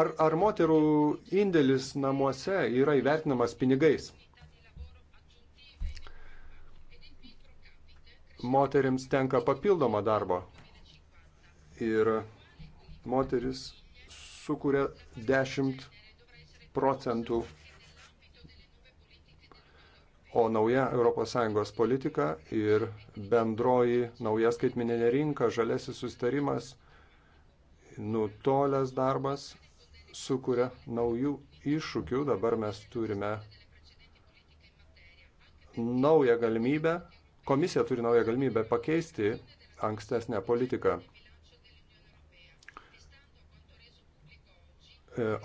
ar, ar moterų indėlis namuose yra įvertinamas pinigais? moteriams tenka papildomo darbo. Ir moteris sukuria 10 procentų, o nauja ES politika ir bendroji nauja skaitmininė rinka, žalesis sustarimas, nutolęs darbas sukuria naujų iššūkių. Dabar mes turime naują galimybę Komisija turi naują galimybę pakeisti ankstesnę politiką. E,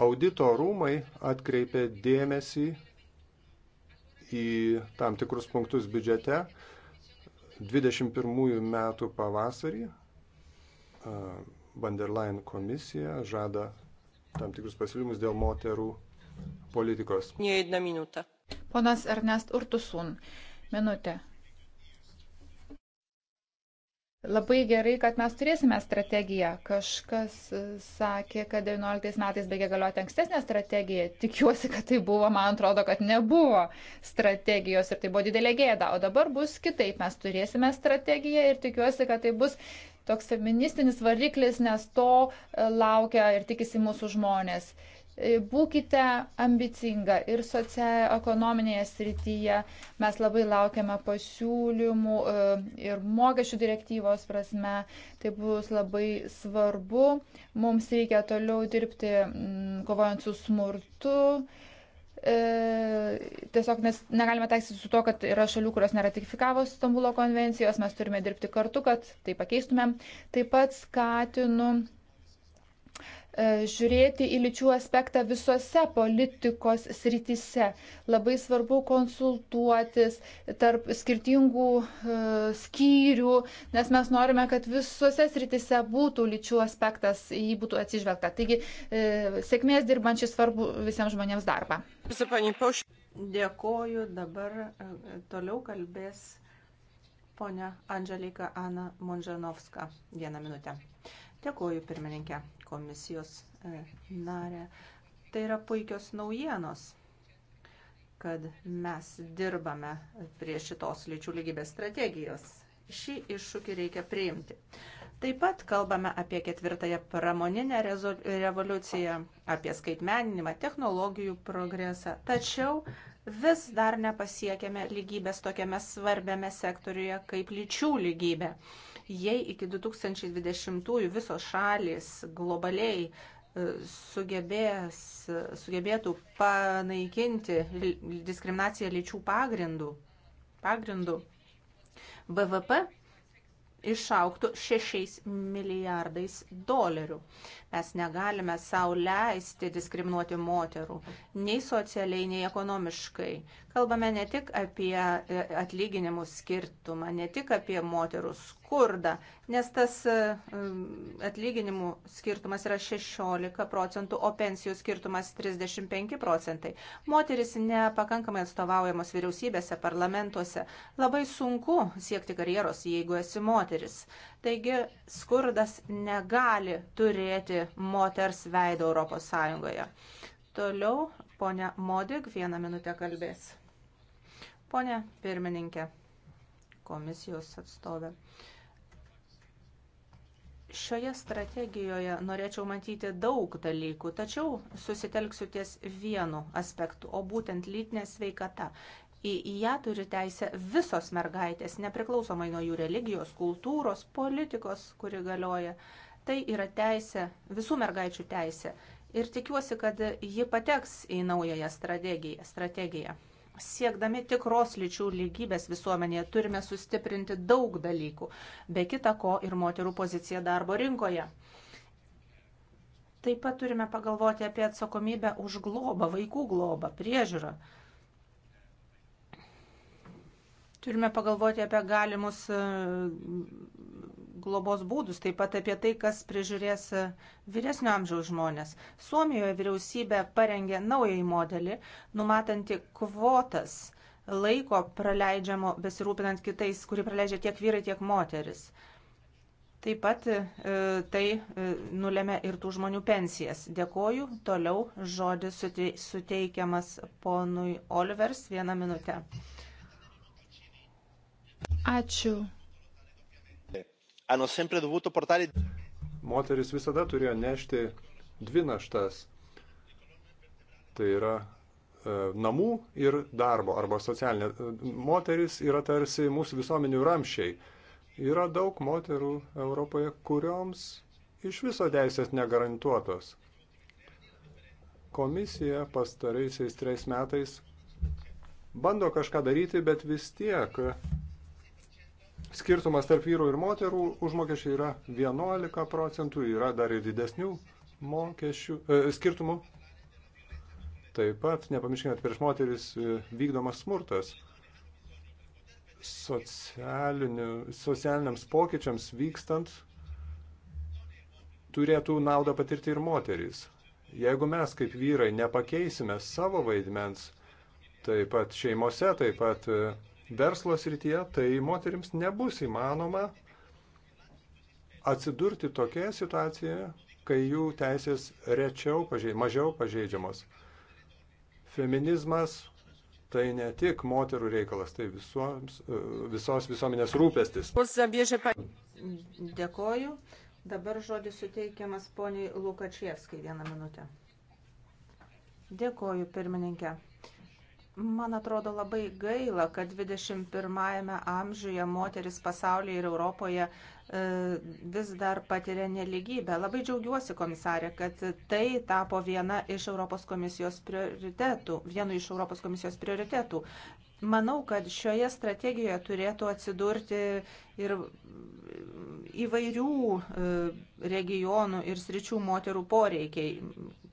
audito rūmai atkreipė dėmesį į tam tikrus punktus biudžete 21 metų pavasarį. E, Van der Leyen komisija žada tam tikrus pasiūlymus dėl moterų politikos. Ne vieną minutę. Ponas Ernest Urtusun, minutė. Labai gerai, kad mes turėsime strategiją. Kažkas e, sakė, kad 19 metais baigė galioti ankstesnė strategija. Tikiuosi, kad tai buvo, man atrodo, kad nebuvo strategijos ir tai buvo didelė gėda. O dabar bus kitaip. Mes turėsime strategiją ir tikiuosi, kad tai bus toks feministinis variklis, nes to e, laukia ir tikisi mūsų žmonės. Uh, E, būkite ambicinga ir socioekonominėje srityje. Mes labai laukiame pasiūlymų e, ir mokesčių direktyvos prasme. Tai bus labai svarbu. Mums reikia toliau dirbti kovojant su smurtu. E, tiesiog nes negalime taiksyti su to, kad yra šalių, kurios neratifikavo Stambulo konvencijos. Mes turime dirbti kartu, kad tai pakeistumėm. Taip pat skatinu E, žiūrėti į lyčių aspektą visose politikos srityse. Labai svarbu konsultuotis tarp skirtingų e, skyrių, nes mes norime, kad visose srityse būtų lyčių aspektas, jį būtų atsižvelgta. Taigi e, sėkmės dirbant šį svarbų visiems žmonėms darbą. Dėkoju, dabar toliau kalbės ponia Andželika Ana Monžanovska. Vieną minutę. Dėkoju, pirmininkė komisijos e, narę. Tai yra puikios naujienos kad mes dirbame prie šitos lyčių lygybės strategijos. Šį iššūkį reikia priimti. Taip pat kalbame apie ketvirtąją pramoninę revoliuciją, apie skaitmeninimą, technologijų progresą. Tačiau vis dar nepasiekėme lygybės tokiame svarbiame sektoriuje kaip lyčių lygybė. Jei iki 2020-ųjų visos šalis globaliai e, sugebės, e, sugebėtų panaikinti diskriminaciją lyčių pagrindų, pagrindų BVP išauktų 6 milijardais dolerių. Mes negalime sau leisti diskriminuoti moterų, nei socialiai, nei ekonomiškai. Kalbame ne tik apie e, atlyginimų skirtumą, ne tik apie moterų skurdą, nes tas e, atlyginimų skirtumas yra 16 procentų, o pensijų skirtumas 35 procentai. Moteris nepakankamai atstovaujamos vyriausybėse, parlamentuose. Labai sunku siekti karjeros, jeigu esi moteris. Taigi skurdas negali turėti būti moters veido Europos Sąjungoje. Toliau ponia Modig vieną minutę kalbės. Pone pirmininkė, komisijos atstovė. Šioje strategijoje norėčiau matyti daug dalykų, tačiau susitelksiu ties vienu aspektu, o būtent lytinė sveikata. Į, į ją turi teisę visos mergaitės, nepriklausomai nuo jų religijos, kultūros, politikos, kuri galioja. Uh, Tai yra teisė, visų mergaičių teisė. Ir tikiuosi, kad ji pateks į naująją strategiją. strategiją. Siekdami tikros lyčių lygybės visuomenėje turime sustiprinti daug dalykų, be kita ko ir moterų poziciją darbo rinkoje. Taip pat turime pagalvoti apie atsakomybę už globą, vaikų globą, priežiūrą. Turime pagalvoti apie galimus globos būdus, taip pat apie tai, kas prižiūrės e, vyresnio amžiaus žmonės. Suomijoje vyriausybė parengė naująjį modelį, numatantį kvotas laiko praleidžiamo besirūpinant kitais, kurį praleidžia tiek vyrai, tiek moteris. Taip pat e, tai e, nulėmė ir tų žmonių pensijas. Dėkoju. Toliau žodis suteikiamas ponui Olivers vieną minutę. Ačiū, hanno sempre dovuto portare. Moteris visada turėjo nešti dvi naštas. Tai yra e, namų ir darbo arba socialinė. Moteris yra tarsi mūsų visuomenių ramšiai. Yra daug moterų Europoje, kurioms iš viso teisės negarantuotos. Komisija pastaraisiais trejais metais bando kažką daryti, bet vis tiek skirtumas tarp vyrų ir moterų užmokesčiai yra 11 procentų, yra dar ir didesnių mokesčių e, skirtumų. Taip pat nepamirškime, kad prieš moteris e, vykdomas smurtas socialiniams pokyčiams vykstant turėtų naudą patirti ir moterys. Jeigu mes kaip vyrai nepakeisime savo vaidmens, taip pat šeimose, taip pat e, verslo srityje, tai moterims nebus įmanoma atsidurti tokioje situacijoje, kai jų teisės rečiau, pažeid, mažiau pažeidžiamos. Feminizmas tai ne tik moterų reikalas, tai visos, visos visuomenės rūpestis. Dėkoju. Dabar žodis suteikiamas poniai Lukačievskai vieną minutę. Dėkoju, pirmininkė. Man atrodo labai gaila, kad 21-ame amžiuje moteris pasaulyje ir Europoje e, vis dar patiria neligybę. Labai džiaugiuosi, komisarė, kad tai tapo viena iš Europos komisijos prioritetų, vienu iš Europos komisijos prioritetų. Manau, kad šioje strategijoje turėtų atsidurti ir įvairių e, regionų ir sričių moterų poreikiai,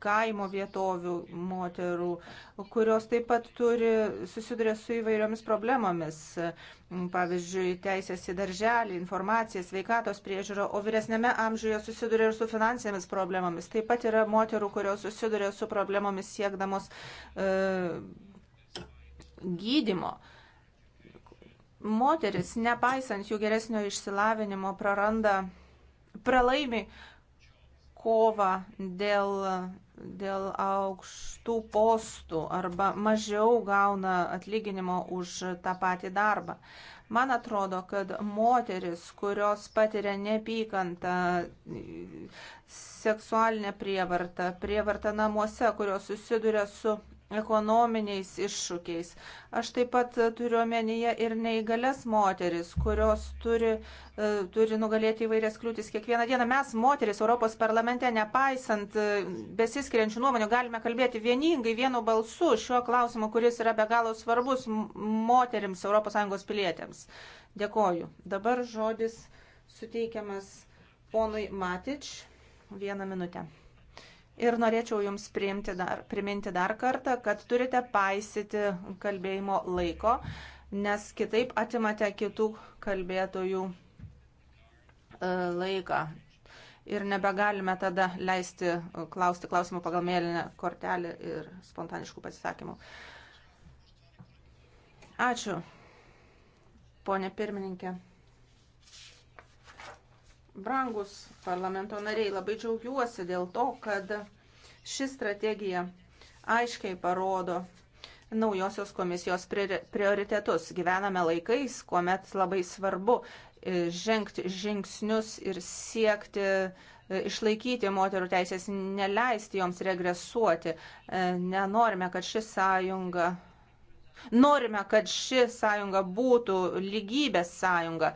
kaimo vietovių moterų, kurios taip pat turi susiduria su įvairiomis problemomis, pavyzdžiui, teisės į darželį, informaciją, sveikatos priežiūrą, o vyresnėme amžiuje susiduria ir su finansinėmis problemomis. Taip pat yra moterų, kurios susiduria su problemomis siekdamos e, gydymo. Moteris, nepaisant jų geresnio išsilavinimo, praranda pralaimi kovą dėl dėl aukštų postų arba mažiau gauna atlyginimo už tą patį darbą. Man atrodo, kad moteris, kurios patiria neapykantą, seksualinę prievartą, prievartą namuose, kurios susiduria su ekonominiais iššūkiais. Aš taip pat turiu omenyje ir neįgalias moteris, kurios turi, e, turi nugalėti įvairias kliūtis. Kiekvieną dieną mes, moteris, Europos parlamente, nepaisant e, besiskiriančių nuomonių, galime kalbėti vieningai, vienu balsu šiuo klausimu, kuris yra be galo svarbus moterims, ES pilietėms. Dėkoju. Dabar žodis suteikiamas ponui Matič. Vieną minutę. Ir norėčiau Jums dar, priminti dar kartą, kad turite paisyti kalbėjimo laiko, nes kitaip atimate kitų kalbėtojų e, laiką. Ir nebegalime tada leisti e, klausti klausimų pagal mėlyną kortelę ir spontaniškų pasisakymų. Ačiū, ponė pirmininkė. Brangus parlamento nariai, labai džiaugiuosi dėl to, kad ši strategija aiškiai parodo naujosios komisijos prioritetus. Gyvename laikais, kuomet labai svarbu e, žengti žingsnius ir siekti e, išlaikyti moterų teisės, neleisti joms regresuoti. E, nenorime, kad ši sąjunga. Norime, kad ši sąjunga būtų lygybės sąjunga,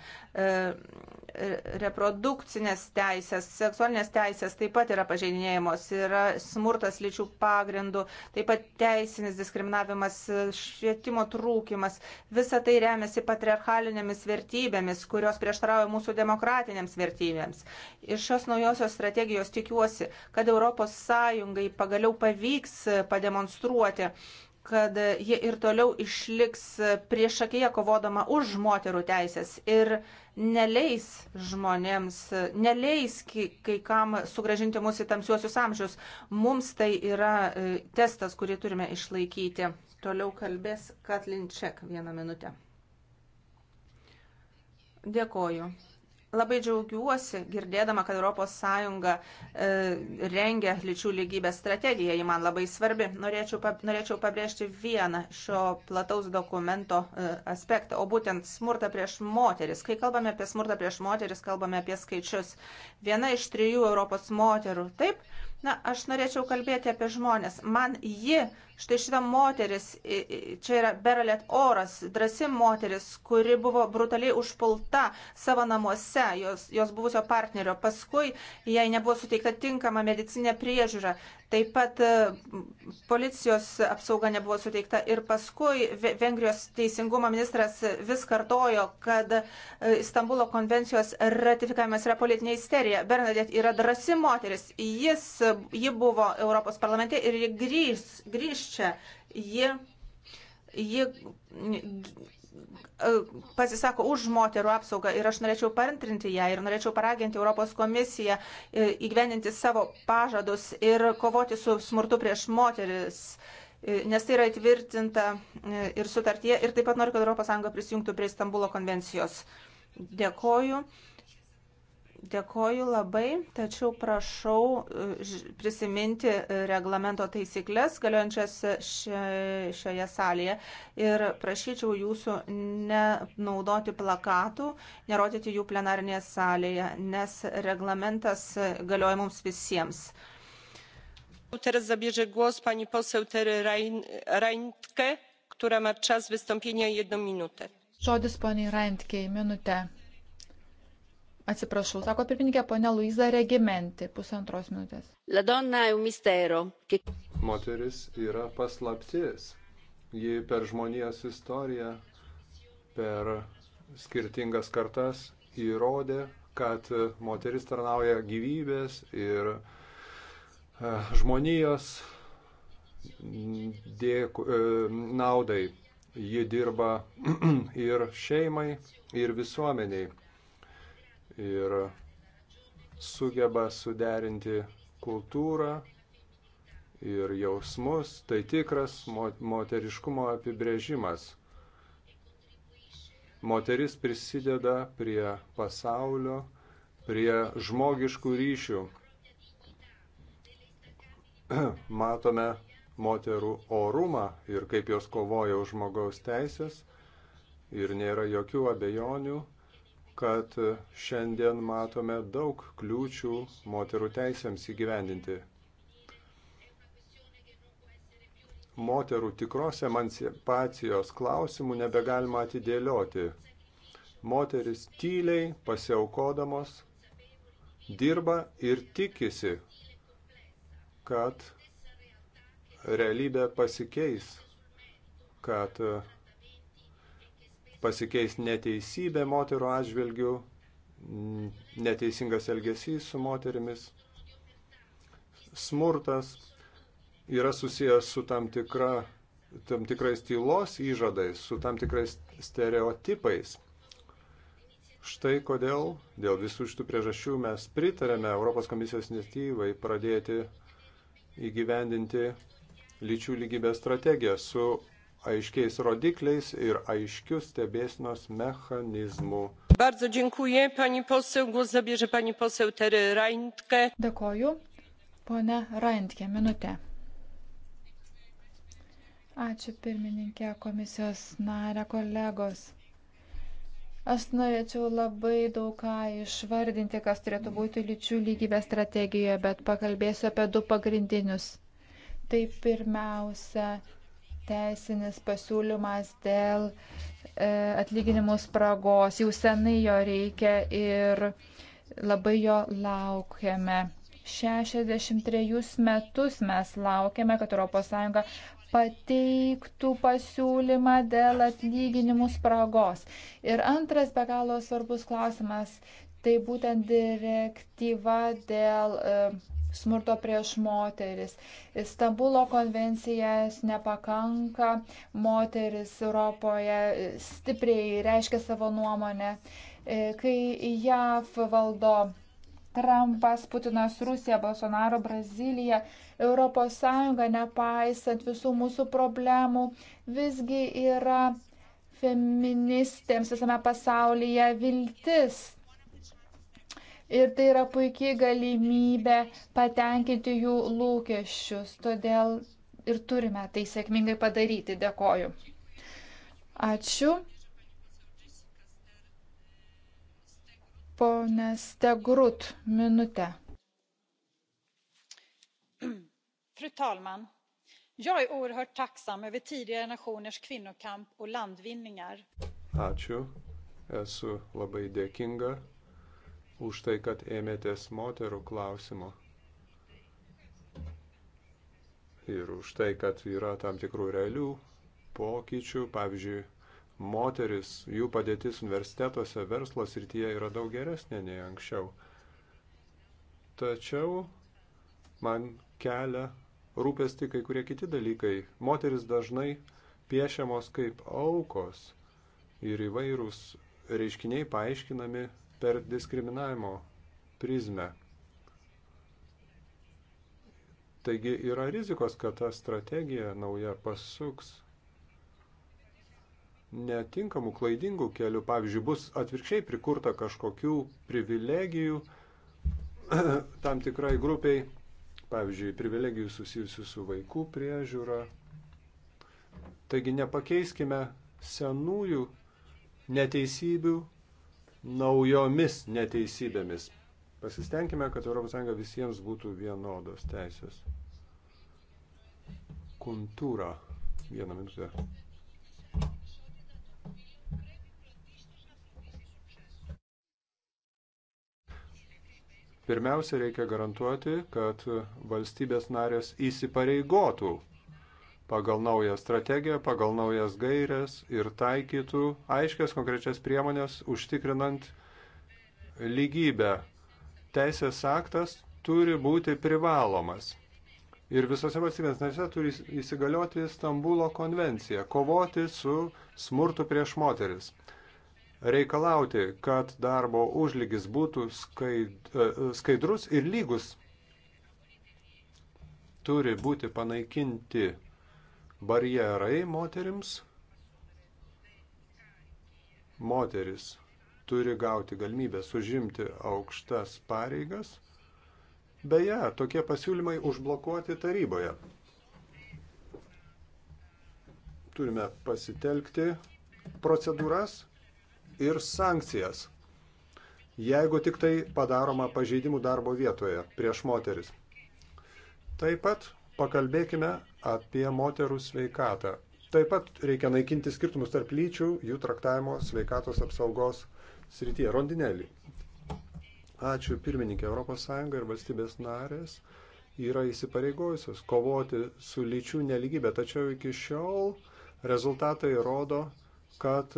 reprodukcinės teisės, seksualinės teisės taip pat yra pažeidinėjimos, yra smurtas lyčių pagrindų, taip pat teisinis diskriminavimas, švietimo trūkimas. Visa tai remiasi patriarchalinėmis vertybėmis, kurios prieštarauja mūsų demokratinėms vertybėms. Iš šios naujosios strategijos tikiuosi, kad ES pagaliau pavyks pademonstruoti, kad ji ir toliau išliks priešakyje kovodama už moterų teisės ir neleis žmonėms, neleis kai kam sugražinti mūsų į tamsiuosius amžius. Mums tai yra e, testas, kurį turime išlaikyti. Toliau kalbės Katlinček vieną minutę. Dėkoju. Labai džiaugiuosi girdėdama, kad ES e, rengia lyčių lygybės strategiją, ji man labai svarbi. Norėčiau, pab, norėčiau pabrėžti vieną šio plataus dokumento e, aspektą, o būtent smurtą prieš moteris. Kai kalbame apie smurtą prieš moteris, kalbame apie skaičius. Viena iš trijų Europos moterų. Taip, na, aš norėčiau kalbėti apie žmonės. Man ji Štai šita moteris, čia yra Beralet Oras, drasi moteris, kuri buvo brutaliai užpulta savo namuose, jos, jos buvusio partnerio. Paskui jai nebuvo suteikta tinkama medicinė priežiūra. Taip pat policijos apsauga nebuvo suteikta. Ir paskui Vengrijos teisingumo ministras vis kartojo, kad e, Istanbulo konvencijos ratifikavimas yra politinė isterija. Bernadette yra drasi moteris. Jis, ji buvo Europos parlamente ir ji grįž, grįž čia. Ji, ji e, pasisako už moterų apsaugą ir aš norėčiau parantrinti ją ir norėčiau paraginti Europos komisiją e, įgyveninti savo pažadus ir kovoti su smurtu prieš moteris, e, nes tai yra įtvirtinta ir sutartie ir taip pat noriu, kad ES prisijungtų prie Stambulo konvencijos. Dėkoju. Dėkoju labai, tačiau prašau e, prisiminti e, reglamento taisyklės galiojančias šioje salėje ir prašyčiau jūsų nenaudoti plakatų, nerodyti jų plenarinėje salėje, nes reglamentas galioja mums visiems. Teraz zabierze głos pani poseł Tery Reintke, która ma czas wystąpienia jedną minutę. Žodis poniai Reintke, minutę. Atsiprašau, sako pirmininkė ponia Luiza Regimenti, pusantros minutės. La donna è un mistero. Moteris yra paslaptis. Ji per žmonijos istoriją, per skirtingas kartas įrodė, kad moteris tarnauja gyvybės ir e, žmonijos dėku, e, naudai. Ji dirba ir šeimai, ir visuomeniai ir sugeba suderinti kultūrą ir jausmus, tai tikras moteriškumo apibrėžimas. Moteris prisideda prie pasaulio, prie žmogiškų ryšių. Matome moterų orumą ir kaip jos kovoja už žmogaus teisės ir nėra jokių abejonių, kad šiandien matome daug kliūčių moterų teisėms įgyvendinti. Moterų tikros emancipacijos klausimų nebegalima atidėlioti. Moteris tyliai pasiaukodamos dirba ir tikisi, kad realybė pasikeis, kad pasikeis neteisybė moterų atžvilgių, neteisingas elgesys su moterimis, smurtas yra susijęs su tam, tikra, tam tikrais tylos įžadais, su tam tikrais stereotipais. Štai kodėl dėl visų šitų priežasčių mes pritarėme Europos komisijos iniciatyvai pradėti įgyvendinti lyčių lygybės strategiją su aiškiais rodikliais ir aiškių stebėsnos mechanizmų. Bardzo dziękuję. Pani poseł, głos zabierze pani poseł Tery Reintke. Dėkoju. Pone Reintke, minutė. Ačiū pirmininkė, komisijos narė, kolegos. Aš norėčiau labai daug ką išvardinti, kas turėtų būti lyčių lygybės strategijoje, bet pakalbėsiu apie du pagrindinius. Tai pirmiausia, teisinis pasiūlymas dėl e, atlyginimų spragos. Jau senai jo reikia ir labai jo laukiame. 63 metus mes laukiame, kad ES pateiktų pasiūlymą dėl atlyginimų spragos. Ir antras be galo svarbus klausimas - tai būtent direktyva dėl uh, smurto prieš moteris. Istanbulo konvencijas nepakanka, moteris Europoje stipriai reiškia savo nuomonę. E, kai JAV valdo Trumpas, Putinas, Rusija, Bolsonaro, Brazilija, ES, nepaisant visų mūsų problemų, visgi yra feministėms visame pasaulyje viltis ir tai yra puikiai galimybė patenkinti jų lūkesčius. Todėl ir turime tai sėkmingai padaryti. Dėkoju. Ačiū. Pone Stegrut, minutę. Fru talman! Jag är oerhört tacksam över tidigare generationers kvinnokamp och landvinningar. Ačiū. Esu labai dėkinga už tai, kad ėmėtės moterų klausimo. Ir už tai, kad yra tam tikrų realių pokyčių. Pavyzdžiui, moteris, jų padėtis universitetuose, verslo srityje yra daug geresnė nei anksčiau. Tačiau man kelia rūpesti kai kurie kiti dalykai. Moteris dažnai piešiamos kaip aukos ir įvairūs reiškiniai paaiškinami per diskriminavimo prizmę. Taigi yra rizikos, kad ta strategija nauja pasuks netinkamų, klaidingų kelių. Pavyzdžiui, bus atvirkščiai prikurta kažkokių privilegijų tam tikrai grupiai, pavyzdžiui, privilegijų susijusių su vaikų priežiūra. Taigi nepakeiskime senųjų neteisybių naujomis neteisybėmis. Pasistengime, kad ES visiems būtų vienodos teisės. Kultūra. Vieną minutę. Pirmiausia, reikia garantuoti, kad valstybės narės įsipareigotų pagal naują strategiją, pagal naujas gairias ir taikytų aiškias konkrečias priemonės užtikrinant lygybę. Teisės aktas turi būti privalomas. Ir visose valstybės narėse turi įsigalioti Stambulo konvencija, kovoti su smurtu prieš moteris, reikalauti, kad darbo užlygis būtų skaid, e, e, skaidrus ir lygus, turi būti panaikinti barjerai moterims. Moteris turi gauti galimybę sužimti aukštas pareigas. Beje, tokie pasiūlymai užblokuoti taryboje. Turime pasitelkti procedūras ir sankcijas, jeigu tik tai padaroma pažeidimų darbo vietoje prieš moteris. Taip pat pakalbėkime apie moterų sveikatą. Taip pat reikia naikinti skirtumus tarp lyčių, jų traktavimo sveikatos apsaugos srityje. Rondinėlį. Ačiū pirmininkė. ES ir valstybės narės yra įsipareigojusios kovoti su lyčių neligybė, tačiau iki šiol rezultatai rodo, kad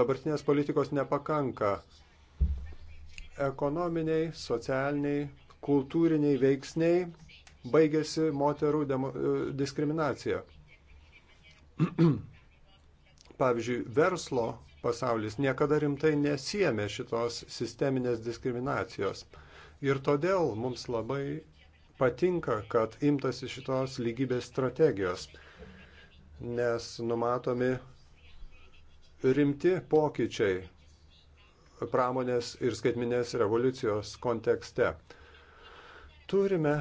dabartinės politikos nepakanka. Ekonominiai, socialiniai, kultūriniai veiksniai baigėsi moterų demo, e, diskriminacija. Pavyzdžiui, verslo pasaulis niekada rimtai nesiemė šitos sisteminės diskriminacijos. Ir todėl mums labai patinka, kad imtasi šitos lygybės strategijos, nes numatomi rimti pokyčiai pramonės ir skaitminės revoliucijos kontekste. Turime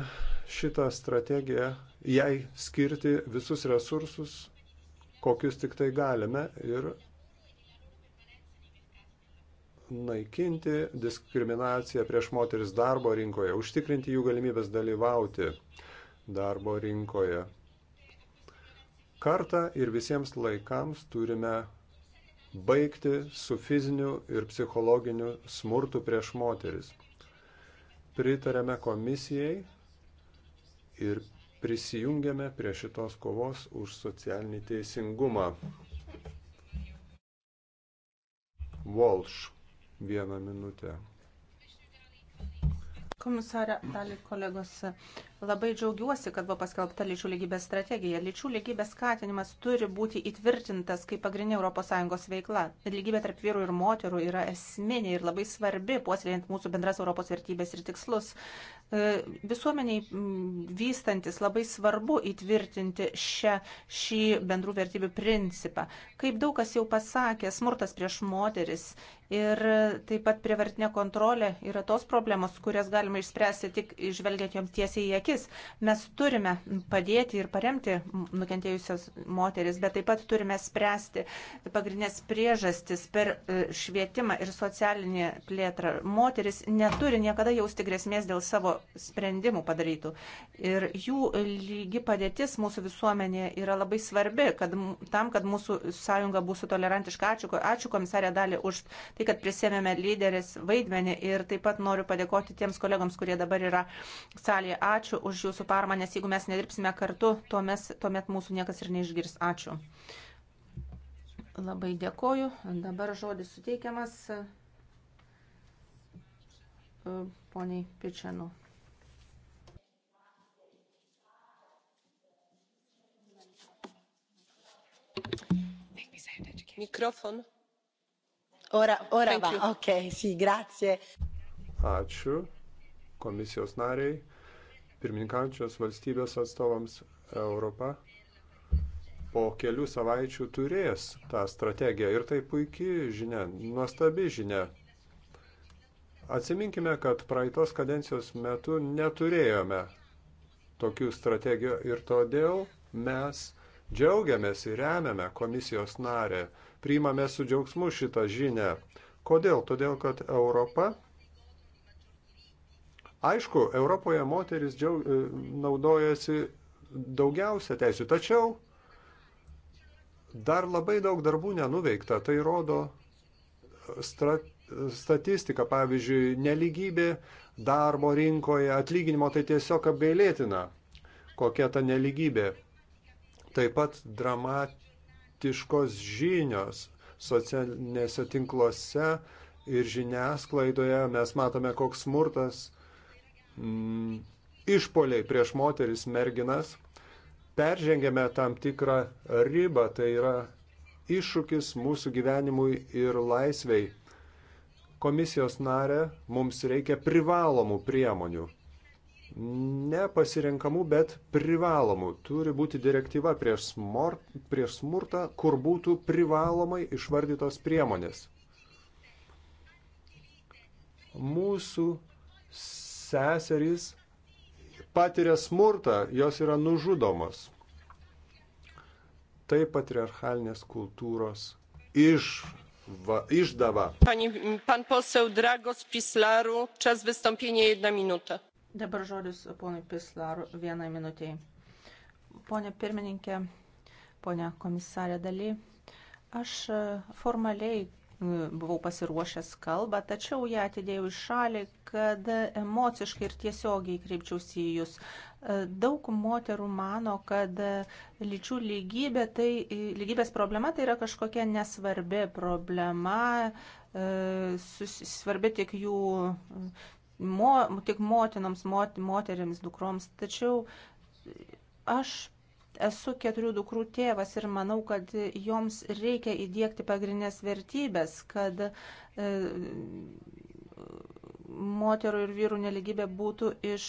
šitą strategiją, jai skirti visus resursus, kokius tik tai galime ir naikinti diskriminaciją prieš moteris darbo rinkoje, užtikrinti jų galimybės dalyvauti darbo rinkoje. Kartą ir visiems laikams turime baigti su fiziniu ir psichologiniu smurtu prieš moteris. Pritarėme komisijai, ir prisijungiame prie šitos kovos už socialinį teisingumą. Walsh, vieną minutę. Komisarė, dalį kolegos, labai džiaugiuosi, kad buvo paskelbta lyčių lygybės strategija. Lyčių lygybės skatinimas turi būti įtvirtintas kaip pagrindinė ES veikla. Lygybė tarp vyrų ir moterų yra esminė ir labai svarbi, puoselėjant mūsų bendras Europos vertybės ir tikslus. E, visuomeniai mm, vystantis labai svarbu įtvirtinti šią, šį bendrų vertybių principą. Kaip daug kas jau pasakė, smurtas prieš moteris Ir taip pat prievartinė kontrolė yra tos problemos, kurias galima išspręsti tik žvelgiant joms tiesiai į akis. Mes turime padėti ir paremti nukentėjusias moteris, bet taip pat turime spręsti pagrindinės priežastis per e, švietimą ir socialinį plėtrą. Moteris neturi niekada jausti grėsmės dėl savo sprendimų padarytų. Ir jų lygi padėtis mūsų visuomenėje yra labai svarbi, kad tam, kad mūsų sąjunga būtų tolerantiška. Ačiū, ačiū komisarė Dali už tai kad prisėmėme lyderis vaidmenį ir taip pat noriu padėkoti tiems kolegams, kurie dabar yra salėje. Ačiū už jūsų parmą, nes jeigu mes nedirbsime kartu, tuomet, tuomet mūsų niekas ir neišgirs. Ačiū. Labai dėkoju. Dabar žodis suteikiamas e, poniai Pičenu. Mikrofon. Ora, ora va, ok, sì, grazie. Ačiū komisijos nariai, pirmininkančios valstybės atstovams Europą. Po kelių savaičių turės tą strategiją ir tai puikiai žinia, nuostabi žinia. Atsiminkime, kad praeitos kadencijos metu neturėjome tokių strategijų ir todėl mes džiaugiamės ir remiame komisijos narę priimame su džiaugsmu šitą žinę. Kodėl? Todėl, kad Europa. Aišku, Europoje moteris džiaug, e, naudojasi daugiausia teisų, tačiau dar labai daug darbų nenuveikta. Tai rodo strat, statistika, pavyzdžiui, neligybė darbo rinkoje, atlyginimo, tai tiesiog apgailėtina, kokia ta neligybė. Taip pat dramatiška skeptiškos žinios socialinėse tinkluose ir žiniasklaidoje. Mes matome, koks smurtas, mm, išpoliai prieš moteris, merginas. Peržengėme tam tikrą ribą, tai yra iššūkis mūsų gyvenimui ir laisvei. Komisijos narė, mums reikia privalomų priemonių nepasirenkamų, bet privalomų. Turi būti direktyva prieš, smor, prieš smurtą, kur būtų privalomai išvardytos priemonės. Mūsų seserys patiria smurtą, jos yra nužudomos. Tai patriarchalinės kultūros iš wa, išdava. Pani, pan poseł Dragos Pislaru, czas wystąpienia jedna minuta. Dabar žodis ponui Pislaru vienai minutėjai. Pone pirmininkė, pone komisarė daly, aš e, formaliai buvau pasiruošęs kalbą, tačiau ją atidėjau į šalį, kad emociškai ir tiesiogiai kreipčiausi į jūs. E, daug moterų mano, kad e, lyčių lygybė, tai lygybės problema tai yra kažkokia nesvarbi problema, svarbi tik jų mo, tik motinams, mot, moteriams, dukroms. Tačiau aš esu keturių dukrų tėvas ir manau, kad joms reikia įdėkti pagrindinės vertybės, kad e, moterų ir vyrų neligybė būtų iš